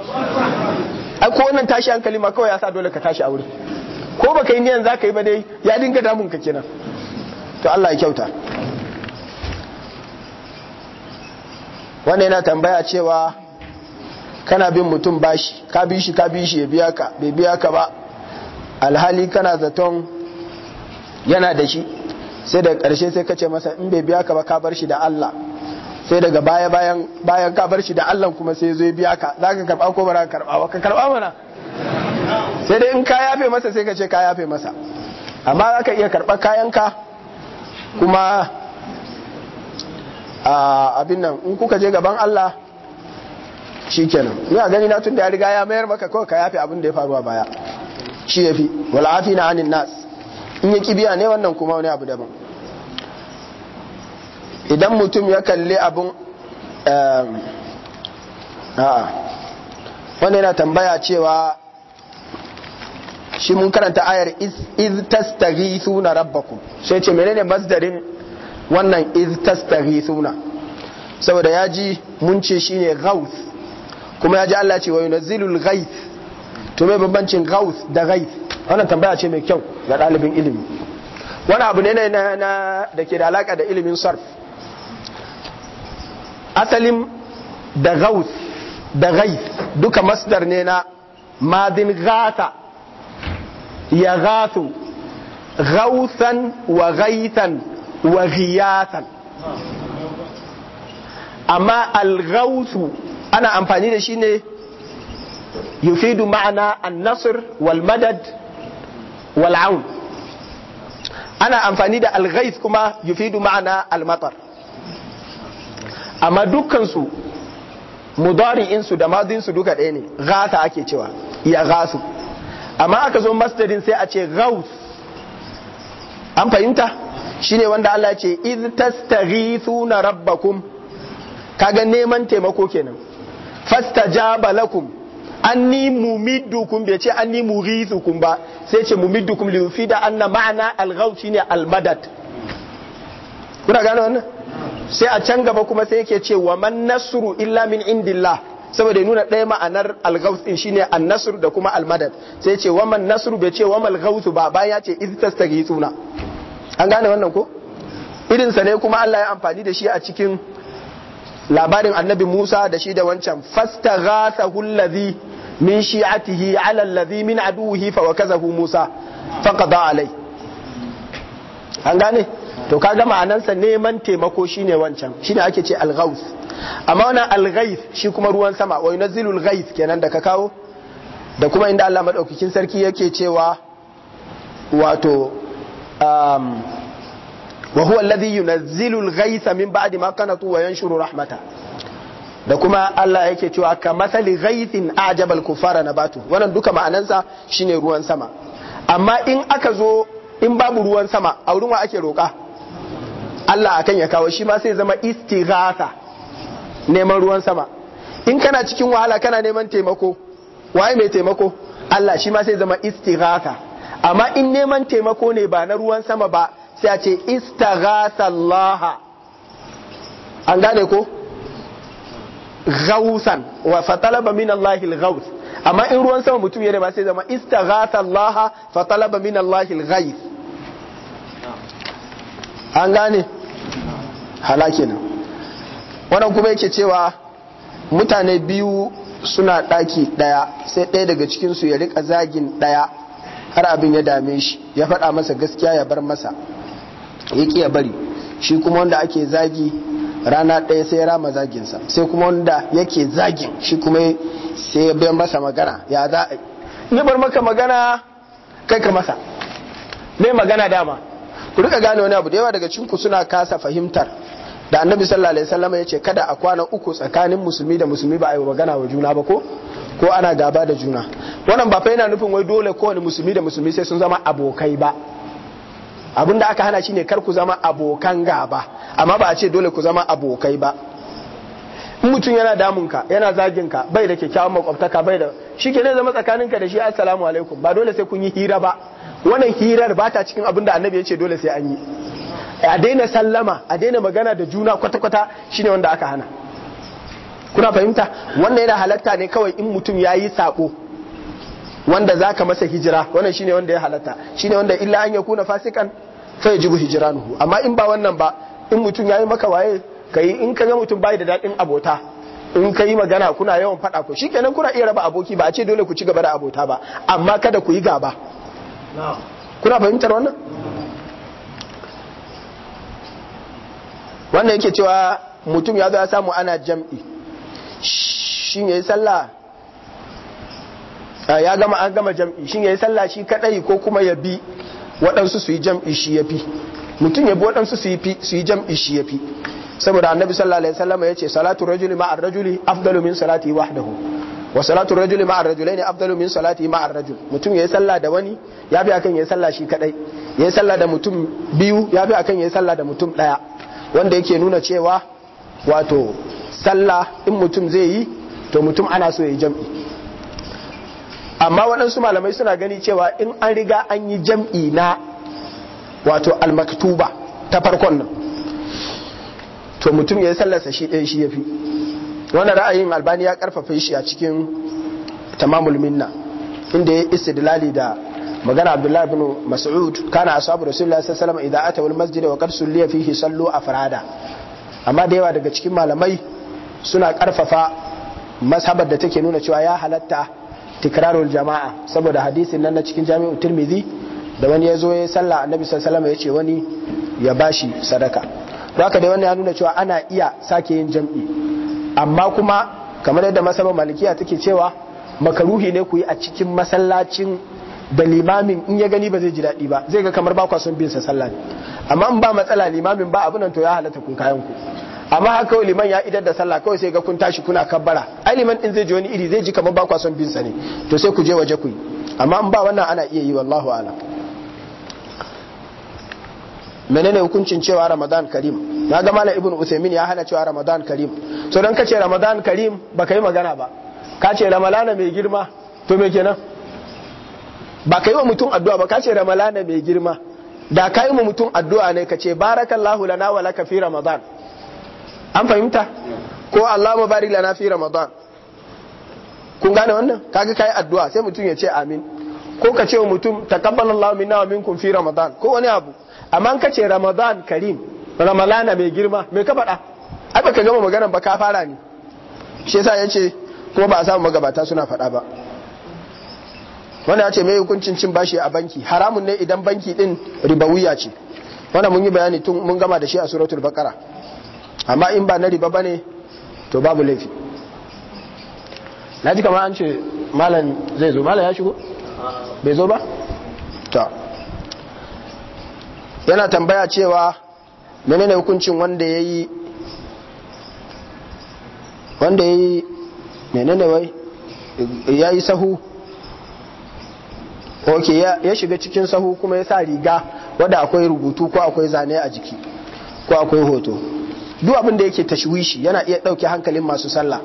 ai ko wannan tashi hankali ma kawai ya sa dole ka tashi a wurin ko baka yi niyan ka yi ba dai ya dinga damun ka kenan to Allah ya kyauta wannan yana tambaya cewa kana bin mutum bashi ka bi shi ka bi shi ya biya ka bai biya ka ba alhali kana zaton yana da shi sai daga ƙarshe sai ka ce masa in bai biya ka ba ka bar shi da Allah sai daga baya bayan bayan ka bar shi da Allah kuma sai zo ya biya ka za ka karɓa ko bara karɓa ba ka karɓa mana sai dai in ka yafe masa sai ka ce ka yafe masa amma za ka iya karɓa kayanka kuma ah, abin nan in kuka je gaban Allah shikenan a gani na tun da ya riga ya mayar maka ko ka yafi abin da ya faru a baya shi yafi wal afina anin nas in ya kibiya ne wannan kuma wani abu daban idan mutum ya kalli abun ehm, a'a wanda yana tambaya cewa shi mun karanta ayar iz tastaghithuna rabbakum sai ce menene masdarin wannan iz tastaghithuna saboda ya ji mun ce shine ghaus kuma ya ji Allah ce wa yunazzilul ghaith to me bambancin ghaith da ghaith wannan tambaya ce mai kyau ga dalibin ilimi wani abu ne na da ke da alaka da ilimin sarf asalin da ghaith da ghaith duka masdar ne na madin gata ya gathu ghauthan wa ghaithan wa ghiyatan amma al-ghawthu ana amfani da shi ne yufidu ma'ana an wal madad ana amfani da al kuma yufidu ma'ana al amma dukkan su mudari'in su da madin su duka ɗaya ne ghatha ake cewa ya ghasu amma aka zo masdarin sai a ce ghaus an fahimta shine wanda Allah ya ce iz tastaghithuna rabbakum kaga neman taimako kenan fastajaba lakum anni mumiddukum bai ce anni murizukum ba sai ce mumiddukum li yufida anna ma'ana al-ghaw shine al-madad kuna gane wannan sai a can gaba kuma sai yake ce wa man nasru illa min indillah saboda nuna ɗaya ma'anar al-ghaws din shine an-nasr da kuma al-madad sai ce wa man nasru bai ce wa mal ghaws ba bayan ya ce iz tastaghithuna an gane wannan ko irin sa ne kuma Allah ya amfani da shi a cikin labarin annabi Musa da shi da wancan fasta gasa allazi min shi'atihi ala allazi min aduhi fa hu Musa faqada alai an gane to kaga sa neman taimako shine wancan shine ake ce al amma wannan al shi kuma ruwan sama wa yunzilu rais ghais kenan da ka kawo da kuma inda Allah madaukakin sarki yake cewa wato um, wa huwa alladhi yunazzilu al-ghaytha min ba'di ma qanatu wa rahmata da kuma Allah yake cewa ka masali ghaythin ajaba al kufara nabatu wannan duka ma'anansa shine ruwan sama amma in aka zo in babu ruwan sama a wurin wa ake roka Allah akan ya kawo shi ma sai zama istighatha neman ruwan sama in kana cikin wahala kana neman taimako waye mai taimako Allah shi ma sai zama istighatha amma in neman taimako ne ba na ruwan sama ba sai a ce istaghathallaha an gane ko ghausan wa fatalaba min allahi ghaus amma in ruwan sama mutum ya ba sai zama istaghathallaha fatalaba min allahi ghais an gane halake wannan kuma yake cewa mutane biyu suna ɗaki ɗaya sai ɗaya daga cikinsu ya rika zagin ɗaya har abin ya dame shi ya faɗa masa gaskiya ya bar masa yake ya bari shi kuma wanda ake zagi rana ɗaya sai rama zaginsa sai kuma wanda yake zagin shi kuma sai ya bayan masa magana ya za a yi bar maka magana kai ka masa mai magana dama ku rika gane wani abu da yawa daga cinku suna kasa fahimtar da annabi sallallahu alaihi wasallam ya ce kada a kwana uku tsakanin musulmi da musulmi ba a yi magana wa juna ba ko ko ana gaba da juna wannan ba fa yana nufin wai dole kowane musulmi da musulmi sai sun zama abokai ba abin da aka hana shine kar ku zama abokan gaba amma ba a ce dole ku zama abokai ba in mutum yana damunka yana zaginka bai da kyakkyawan makwabtaka bai da shi ke zama tsakaninka da shi assalamu alaikum ba dole sai kun yi hira ba wannan hirar ba ta cikin abin da annabi ya ce dole sai an yi a daina sallama a daina magana da juna kwata-kwata shine wanda aka hana kuna fahimta wannan yana halatta ne kawai in mutum ya yi sako wanda za ka masa hijira wannan shine wanda ya halatta shine wanda illa an ya kuna fasikan fa yajibu hijranuhu amma in ba wannan ba in mutum yayi maka waye kai in ka ga mutum bai da dadin abota in ka yi magana kuna yawan faɗa ku shikenan kuna iya raba aboki ba a ce dole ku ci gaba da abota ba amma kada ku yi gaba kuna fahimtar wannan wannan yake cewa mutum ya zo ya samu ana jam'i shi sallah ah, ya gama an gama jam'i shin yi sallah shi kaɗai ko kuma ya bi waɗansu su yi jam ishi ya fi mutum ya bi waɗansu su yi jam'i shi ya fi saboda annabi sallallahu alaihi wasallam ya ce salatu rajuli ma'ar rajuli afdalu min salati wahdahu wa salatu rajuli ma'ar rajulaini afdalu min salati ma'ar rajul mutum ya yi sallah da wani ya bi akan yi sallah shi kadai ya yi sallah da mutum biyu ya bi akan yi sallah da mutum daya wanda yake nuna cewa wato sallah in mutum zai yi to mutum ana so ya yi jam'i amma waɗansu malamai suna gani cewa in an riga an yi jam'i na wato almaktuba ta farkon nan to mutum ya yi sallarsa shi ɗaya shi ya fi wannan ra'ayin albani ya ƙarfafa shi a cikin tamamul minna inda ya istidlali da magana abdullahi bin mas'ud kana ashabu rasulullahi sallallahu alaihi wasallam idza atawul masjid wa qad sulliya fihi sallu afrada amma da yawa daga cikin malamai suna ƙarfafa mashabar da take nuna cewa ya halatta tikrarul jama'a saboda hadisin nan na cikin jami'u turmizi da wani ya zo ya sallah annabi sallallahu ya ce wani ya bashi sadaka haka dai wannan ya nuna cewa ana iya sake yin jam'i amma kuma kamar yadda masaba malikiya take cewa makaruhi ne ku yi a cikin masallacin da limamin in ya gani ba zai ji daɗi ba zai ga kamar ba kwa son bin sa sallah amma in ba matsala limamin ba abin nan to ya halatta kun kayan ku amma haka kawai liman ya idar da sallah kawai sai ga kun tashi kuna kabbara ai liman din zai ji wani iri zai ji kamar ba kwa son bin sa ne to sai ku je waje ku yi amma in ba wannan ana iya yi wallahu ala menene hukuncin cewa ramadan karim na ga malam ibnu usaymin ya hana cewa ramadan karim so dan kace ramadan karim ba yi magana ba ka ce ramalana mai girma to me kenan ba ka yi wa mutum addu'a ba ka ce ramalana mai girma da ka yi wa mutum addu'a ne ka ce barakallahu lana wa laka fi ramadan an fahimta ko Allah mubarik lana fi ramadan kun gane wannan kaga kai addu'a sai mutum ya ce amin ko ka ce wa mutum takabbalallahu minna wa minkum fi ramadan ko wani abu amma ka ce ramadan karim ramalana mai girma mai ka faɗa ai baka gama maganar ba ka fara ne shi yasa yace ko ba a samu magabata suna faɗa ba wani yace ce mai hukuncin cin bashi a banki haramun ne idan banki din ribawiya ce wannan mun yi bayani tun mun gama da shi a suratul baqara amma in ba na riba bane to babu laifi na ji kama an ce malam zai zo malam ya shigo bai zo ba ta yana tambaya cewa menene hukuncin wanda ya yi wanda ya yi menene wai ya yi sahu ok ya shiga cikin sahu kuma ya sa riga wadda akwai rubutu ko akwai zane a jiki ko akwai hoto duk abin da yake tashwishi yana iya ɗauke hankalin masu sallah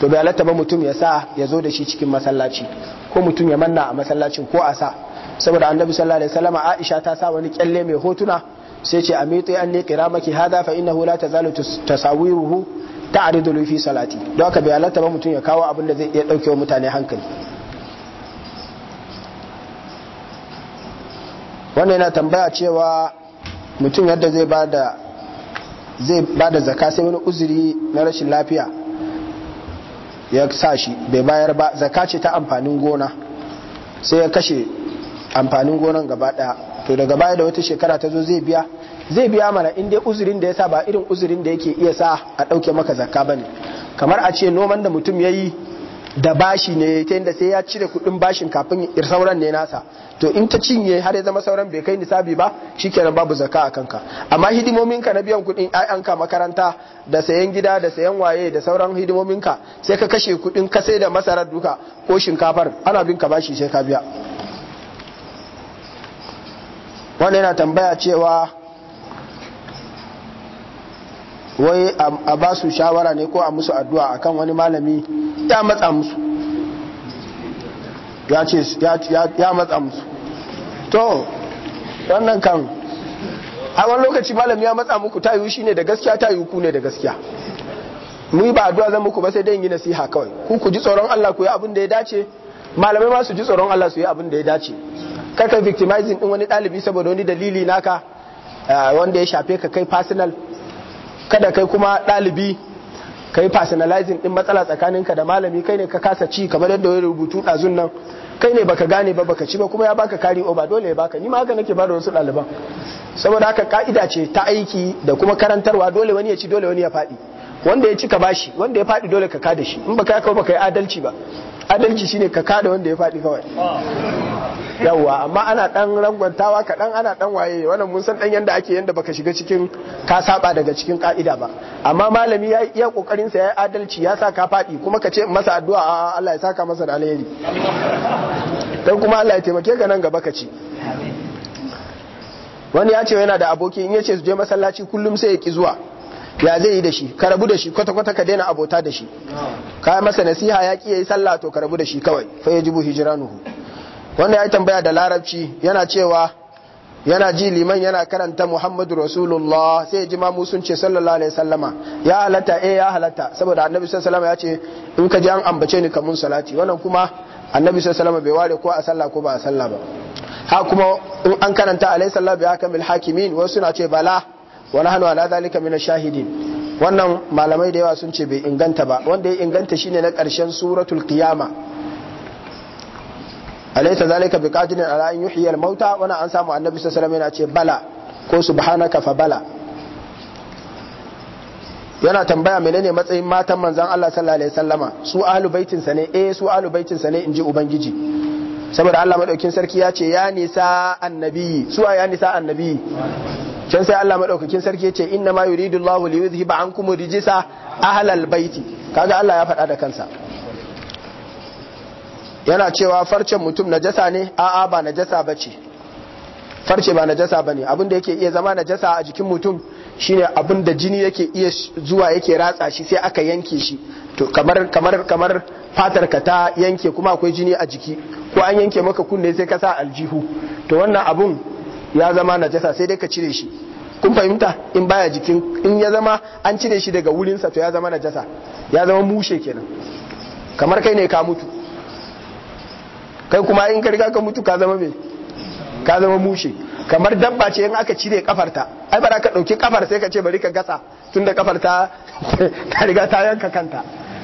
to bai halatta ba mutum ya sa ya zo da shi cikin masallaci ko mutum ya manna a masallacin ko a sa saboda annabi sallallahu alaihi wasallam Aisha ta sa wani kyalle mai hotuna sai ce amitu an ne kiramaki hada fa innahu la tazalu tasawiruhu ta'ridu da fi salati don haka bai halatta ba mutum ya kawo abin da zai iya dauke wa mutane hankali wannan yana tambaya cewa mutum yadda zai ba da zai ba da zaka sai wani uzuri na rashin lafiya ya sa shi bai bayar ba zaka ce ta amfanin gona sai ya kashe amfanin gonan gaba daya to daga baya da wata shekara ta zo zai biya zai biya mana in dai uzurin da ya sa ba irin uzurin da yake iya sa a ɗauke maka zakka ne kamar a ce noman da mutum ya yi da bashi ne ta yadda sai ya cire kuɗin bashin kafin sauran ne nasa to in ta cinye har ya zama sauran bai kai nisabi ba shikenan babu zakka a kanka amma hidimomin ka na biyan kuɗin ka makaranta da sayan gida da sayan waye da sauran hidimomin ka sai ka kashe kuɗin ka sai da masarar duka ko shinkafar ana bin ka bashi sai ka biya wannan yana tambaya cewa wai a ba su shawara ne ko a musu addu'a akan wani malami ya matsa musu ya ce ya matsa musu to wannan kan a wani lokaci malami ya matsa muku ta shi ne da gaskiya ta yi ku ne da gaskiya yi ba addu'a zan muku ba sai dai yi nasiha kawai ku ku ji tsoron Allah ku yi abin da ya dace malamai ma su ji tsoron Allah su yi abin da ya dace kai ka victimizing din wani dalibi saboda wani dalili naka eh, wanda ya shafe ka kai personal kada kai kuma ɗalibi ka yi personalizing din matsala tsakaninka da malami kai ne ka kasa ci kamar yadda wani rubutu ɗazun nan kai ne baka gane ba baka ci ba kuma ya baka kari oba dole ya baka ni ma haka nake bada wasu ɗaliban saboda haka ka'ida ce ta aiki da kuma karantarwa dole wani ya ci dole wani ya faɗi wanda ya ci ka bashi wanda ya faɗi dole ka kada shi in baka yaka baka yi adalci ba adalci shine ka kada wanda ya faɗi kawai yawwa amma ana dan rangwantawa kaɗan ana dan waye wannan mun san dan yanda ake yanda baka shiga cikin ka saba daga cikin ka'ida ba amma malami ya iya kokarin sa ya adalci ya sa ka faɗi kuma ka ce masa addu'a Allah ya saka masa da alheri dan kuma Allah ya taimake ka nan gaba ka ci wani ya ce yana da aboki in ya ce su je masallaci kullum sai ya ki zuwa ya zai yi da shi ka rabu da shi kwata kwata ka daina abota da shi ka masa nasiha ya ki yayi sallah to ka rabu da shi kawai fa yajibu hijranuhu wanda ya yi tambaya da larabci yana cewa yana ji liman yana karanta Muhammadu Rasulullah sai ji ma sun ce sallallahu alaihi sallama ya halatta eh ya halatta saboda annabi sallallahu alaihi ya ce in ka ji an ambace ni kamun salati wannan kuma annabi sallallahu alaihi bai ware ko a sallah ko ba a sallah ba ha kuma an karanta alaihi sallallahu hakimin wasu suna ce bala wa nahnu ala zalika min shahidin wannan malamai da yawa sun ce bai inganta ba wanda ya inganta shine na karshen suratul qiyama alaysa zalika biqadirin ala an yuhyi al-mauta wana an samu annabi sallallahu alaihi wasallam yana ce bala ko subhanaka fa bala yana tambaya menene matsayin matan manzon Allah sallallahu alaihi wasallama su ahlul baitin sa ne eh su ahlul baitin sa ne inji ubangiji saboda Allah madaukakin sarki ya ce ya nisa annabi su ya nisa annabi can sai Allah madaukakin sarki ya ce inna ma yuridu Allahu li yuzhiba ankum rijisa ahlal baiti kaga Allah ya faɗa da kansa yana cewa farcen mutum najasa ne a'a ba najasa bace farce ba najasa bane abin da yake iya zama najasa a jikin mutum shine abin da jini yake iya zuwa yake ratsa shi sai aka yanke shi to kamar kamar fatar ka ta yanke kuma akwai jini a jiki ko an yanke maka kunne sai ka sa aljihu to wannan abun ya zama najasa sai dai ka cire shi kun fahimta in baya jikin in ya zama an cire shi daga wurinsa to ya zama najasa ya zama mushe kenan kamar kai ne ka mutu kai kuma in ka riga ka mutu ka zama me ka zama mushe kamar dabba ce in aka cire kafarta ai bara ka dauki kafar sai ka ce bari ka gasa tunda kafarta ta riga ta yanka kanta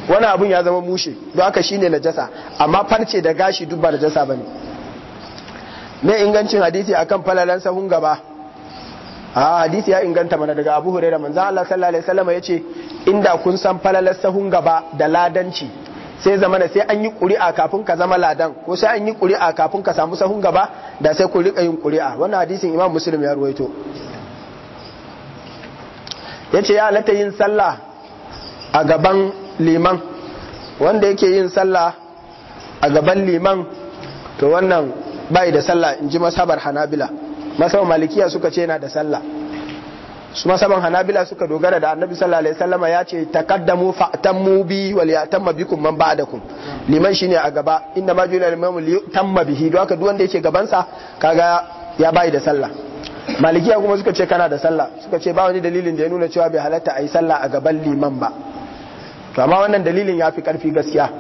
wani abun ya zama mushe don haka shine najasa amma farce da gashi duk ba najasa bane me ingancin hadisi akan falalan sahun gaba a hadisi ya inganta mana daga Abu Hurairah manzo Allah sallallahu alaihi wasallam yace inda kun san falalan sahun gaba da ladanci sai zama da sai an yi ƙuri'a kafin ka zama ladan ko sai an yi ƙuri'a kafin ka samu sahun gaba da sai ku riƙa yin ƙuri'a wannan hadisin imam muslim ya ruwaito ya ce ya halatta yin sallah a gaban liman wanda yake yin sallah a gaban liman to wannan bai da sallah in ji masabar hanabila masabar malikiya suka ce yana da sallah su masaban hanabila suka dogara da annabi sallallahu alaihi wasallama ya ce taqaddamu fa'tammu bi wal yatamma bikum man ba'dakum liman shine a gaba inda ma juna limamu tamma bihi don haka duk wanda yake gaban sa kaga ya bai da sallah malikiya kuma suka ce kana da sallah suka ce ba wani dalilin da ya nuna cewa bai halatta ayi sallah a gaban liman ba to amma wannan dalilin ya fi karfi gaskiya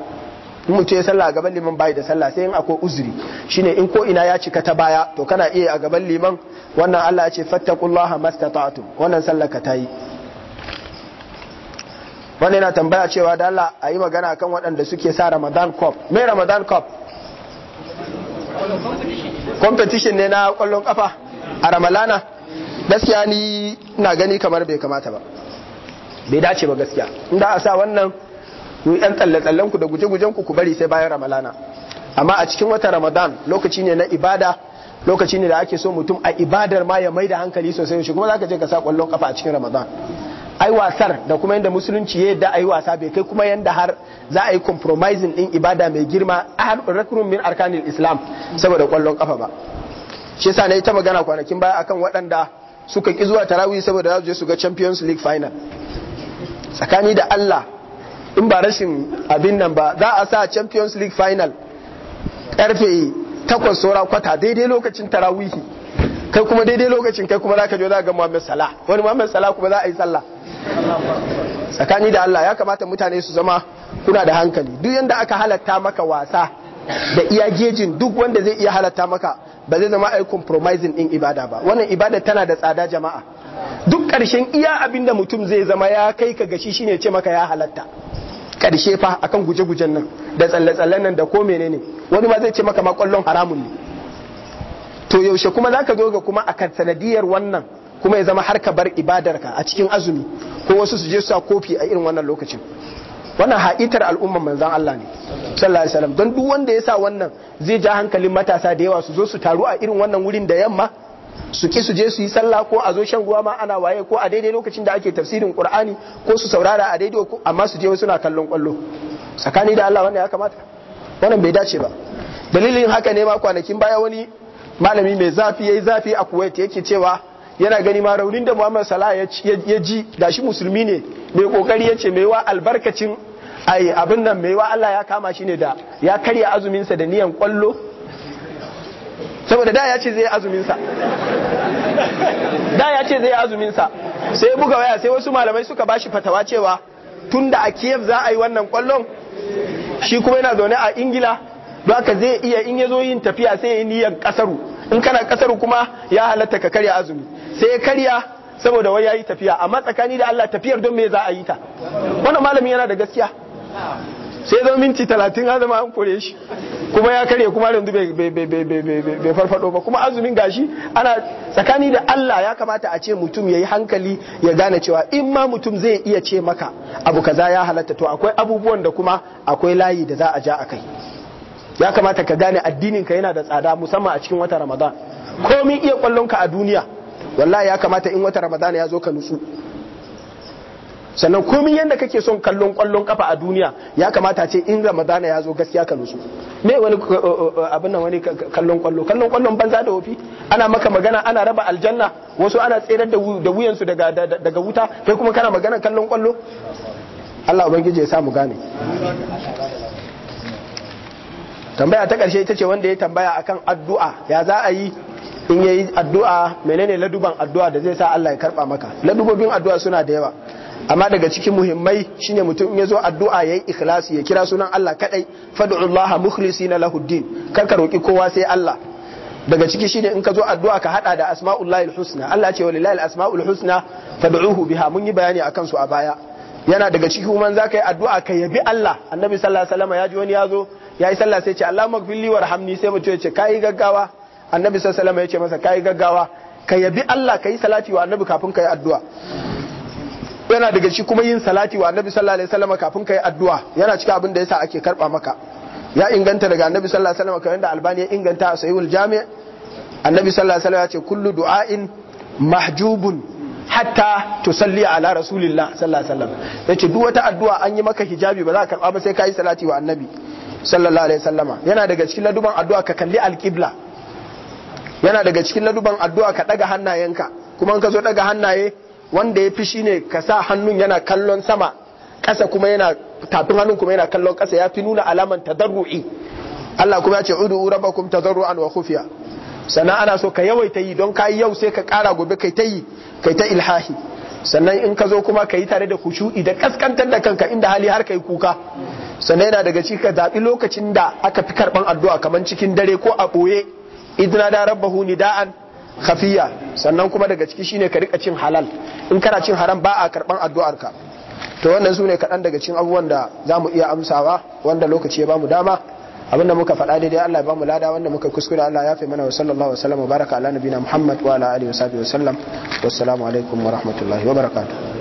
in mutum ya sallah a gaban liman bai da sallah sai in akwai uzuri shine in ko ina ya cika ta baya to kana iya a gaban liman wannan Allah ya ce fattaqullaha mastata'tum wannan sallar ka tayi wannan yana tambaya cewa da Allah a magana kan waɗanda suke sa Ramadan Cup me Ramadan Cup competition ne na kwallon kafa a Ramalana gaskiya ni na gani kamar bai kamata ba bai dace ba gaskiya inda a sa wannan ku yan tsalle-tsallen ku da guje-gujen ku ku bari sai bayan ramalana amma a cikin wata ramadan lokaci ne na ibada lokaci ne da ake so mutum a ibadar ma ya mai da hankali sosai shi kuma zaka je ka sa kwallon kafa a cikin ramadan ai wasar da kuma yanda musulunci ya yadda ai wasa bai kai kuma yanda har za a yi compromising din ibada mai girma a rukunin min arkanil islam saboda kwallon kafa ba shi yasa na yi ta magana kwanakin baya akan waɗanda suka ki zuwa tarawih saboda za su je su ga champions league final tsakani da allah in ba rashin abin nan ba za a sa champions league final karfe takwas saura kwata daidai lokacin tarawihi kai kuma daidai lokacin kai kuma za ka je za ga muhammad salah wani muhammad salah kuma za a yi sallah tsakani da allah ya kamata mutane su zama kuna da hankali duk yanda aka halatta maka wasa da iya gejin duk wanda zai iya halatta maka ba zai zama ai compromising in ibada ba wannan ibada tana da tsada jama'a duk ƙarshen iya abin da mutum zai zama ya kai ka gashi shine ce maka ya halatta ƙarshe fa akan guje-gujen nan da tsalle-tsallen nan da ko menene wani ma zai ce maka makwallon haramun ne to yaushe kuma za zo ga kuma akan sanadiyar wannan kuma ya zama har ka bar ibadarka a cikin azumi ko wasu su je su sa kofi a irin wannan lokacin wannan ha'itar al'umman manzan Allah ne sallallahu alaihi don duk wanda ya sa wannan zai ja hankalin matasa da yawa su zo su taru a irin wannan wurin da yamma su ki su je su yi sallah ko a zo shan ruwa ma ana waye ko a daidai lokacin da ake tafsirin qur'ani ko su saurara a daidai ko amma su je suna kallon kwallo sakani da Allah wannan ya kamata wannan bai dace ba dalilin haka ne ma kwanakin baya wani malami mai zafi yayi zafi a Kuwait yake cewa yana gani ma raunin da Muhammad Salah ya ji gashi musulmi ne mai kokari yace mai wa albarkacin ai abin nan mai wa Allah ya kama shi ne da ya karya azumin sa da niyan kwallo saboda da ya ce zai azumin sa da ya ce zai azumin sai buga waya sai wasu malamai suka bashi fatawa cewa tunda a Kiev za a yi wannan kwallon shi kuma yana zaune a Ingila don haka zai iya in ya zo yin tafiya sai ya niyyar kasaru in kana kasaru kuma ya halatta ka karya azumi sai ya karya saboda wai yayi tafiya amma tsakani da Allah tafiyar don me za a yi ta wannan malami yana da gaskiya sai zama minti talatin azumi an kore shi kuma ya karye kuma yanzu bai farfado ba kuma azumin gashi ana tsakani da Allah ya kamata a ce mutum ya yi hankali ya gane cewa in ma mutum zai iya ce maka abu kaza ya halatta to akwai abubuwan da kuma akwai layi da za a ja a kai ya kamata ka gane addinin ka yana da tsada musamman a cikin wata ramadan komin iya kwallon ka a duniya wallahi ya kamata in wata ramadan ya zo ka nutsu sannan komin yadda kake son kallon kwallon kafa a duniya ya kamata ce in ramadana ya zo gaskiya ka nutsu me wani eh, eh, eh, abin wani kallon kwallo kallon kwallon banza da wofi ana maka magana ana raba aljanna wasu ana tserar da wuyansu daga wuta kai kuma kana magana kallon kwallo Allah ubangiji ya samu gane tambaya ta karshe ita ce wanda ya tambaya akan addu'a ya za a yi in yi addu'a menene laduban addu'a da zai sa Allah ya karba maka ladubobin addu'a suna da yawa amma daga cikin muhimmai shine mutum in yazo addu'a yi ikhlasi ya kira sunan Allah kadai fad'ullaha mukhlisina lahuddin kar ka roki kowa sai Allah daga ciki shine in ka zo addu'a ka hada da asma'ullahi husna Allah ce walillahi asma'ul husna fad'uhu biha mun yi bayani akan su a baya yana daga ciki kuma za ka yi addu'a ka yabi Allah annabi sallallahu alaihi wasallam ya ji wani ya zo ya yi sallah sai ce Allah magfirli warhamni sai mutum ya ce kai gaggawa annabi sallallahu alaihi wasallam ya ce masa kai gaggawa ka yabi Allah ka salati wa annabi kafin ka yi addu'a yana daga shi kuma yin salati wa annabi sallallahu alaihi wasallam kafin kai addu'a yana cikin abin da yasa ake karba maka ya inganta daga annabi sallallahu alaihi wasallam kamar da albani ya inganta a sahihul jami' annabi sallallahu alaihi wasallam ya ce kullu du'ain mahjubun hatta tusalli ala rasulillah sallallahu alaihi wasallam yace duk wata addu'a an yi maka hijabi ba za ka karba ba sai kai salati wa annabi sallallahu alaihi wasallam yana daga cikin laduban addu'a ka kalli alqibla yana daga cikin laduban addu'a ka daga hannayenka kuma in ka zo daga hannaye wanda ya fi shine ka sa hannun yana kallon sama ƙasa kuma yana tafin hannun kuma yana kallon ƙasa ya fi nuna alaman tadarru'i Allah kuma ya ce udu rabbakum tadarru'an wa khufiya sannan ana so ka yawaita yi don ka yi yau sai ka kara gobe kai ta yi kai ta ilhahi sannan in ka zo kuma ka yi tare da khushu'i da kaskantar da kanka inda hali har ka yi kuka sannan yana daga ciki ka zaɓi lokacin da aka fi karɓan addu'a kamar cikin dare ko a ɓoye idna da rabbahu nida'an khafiya sannan kuma daga ciki shine ka rika cin halal in kana cin haram ba a karban addu'arka to wannan sune kaɗan daga cikin abubuwan da za mu iya amsawa wanda lokaci ya bamu dama abinda muka faɗa daidai Allah ya bamu lada wanda muka kuskura Allah ya fi mana wa sallallahu alaihi sallam baraka ala nabina Muhammad wa ala alihi wa sahbihi wa sallam wassalamu alaikum wa rahmatullahi wa barakatuh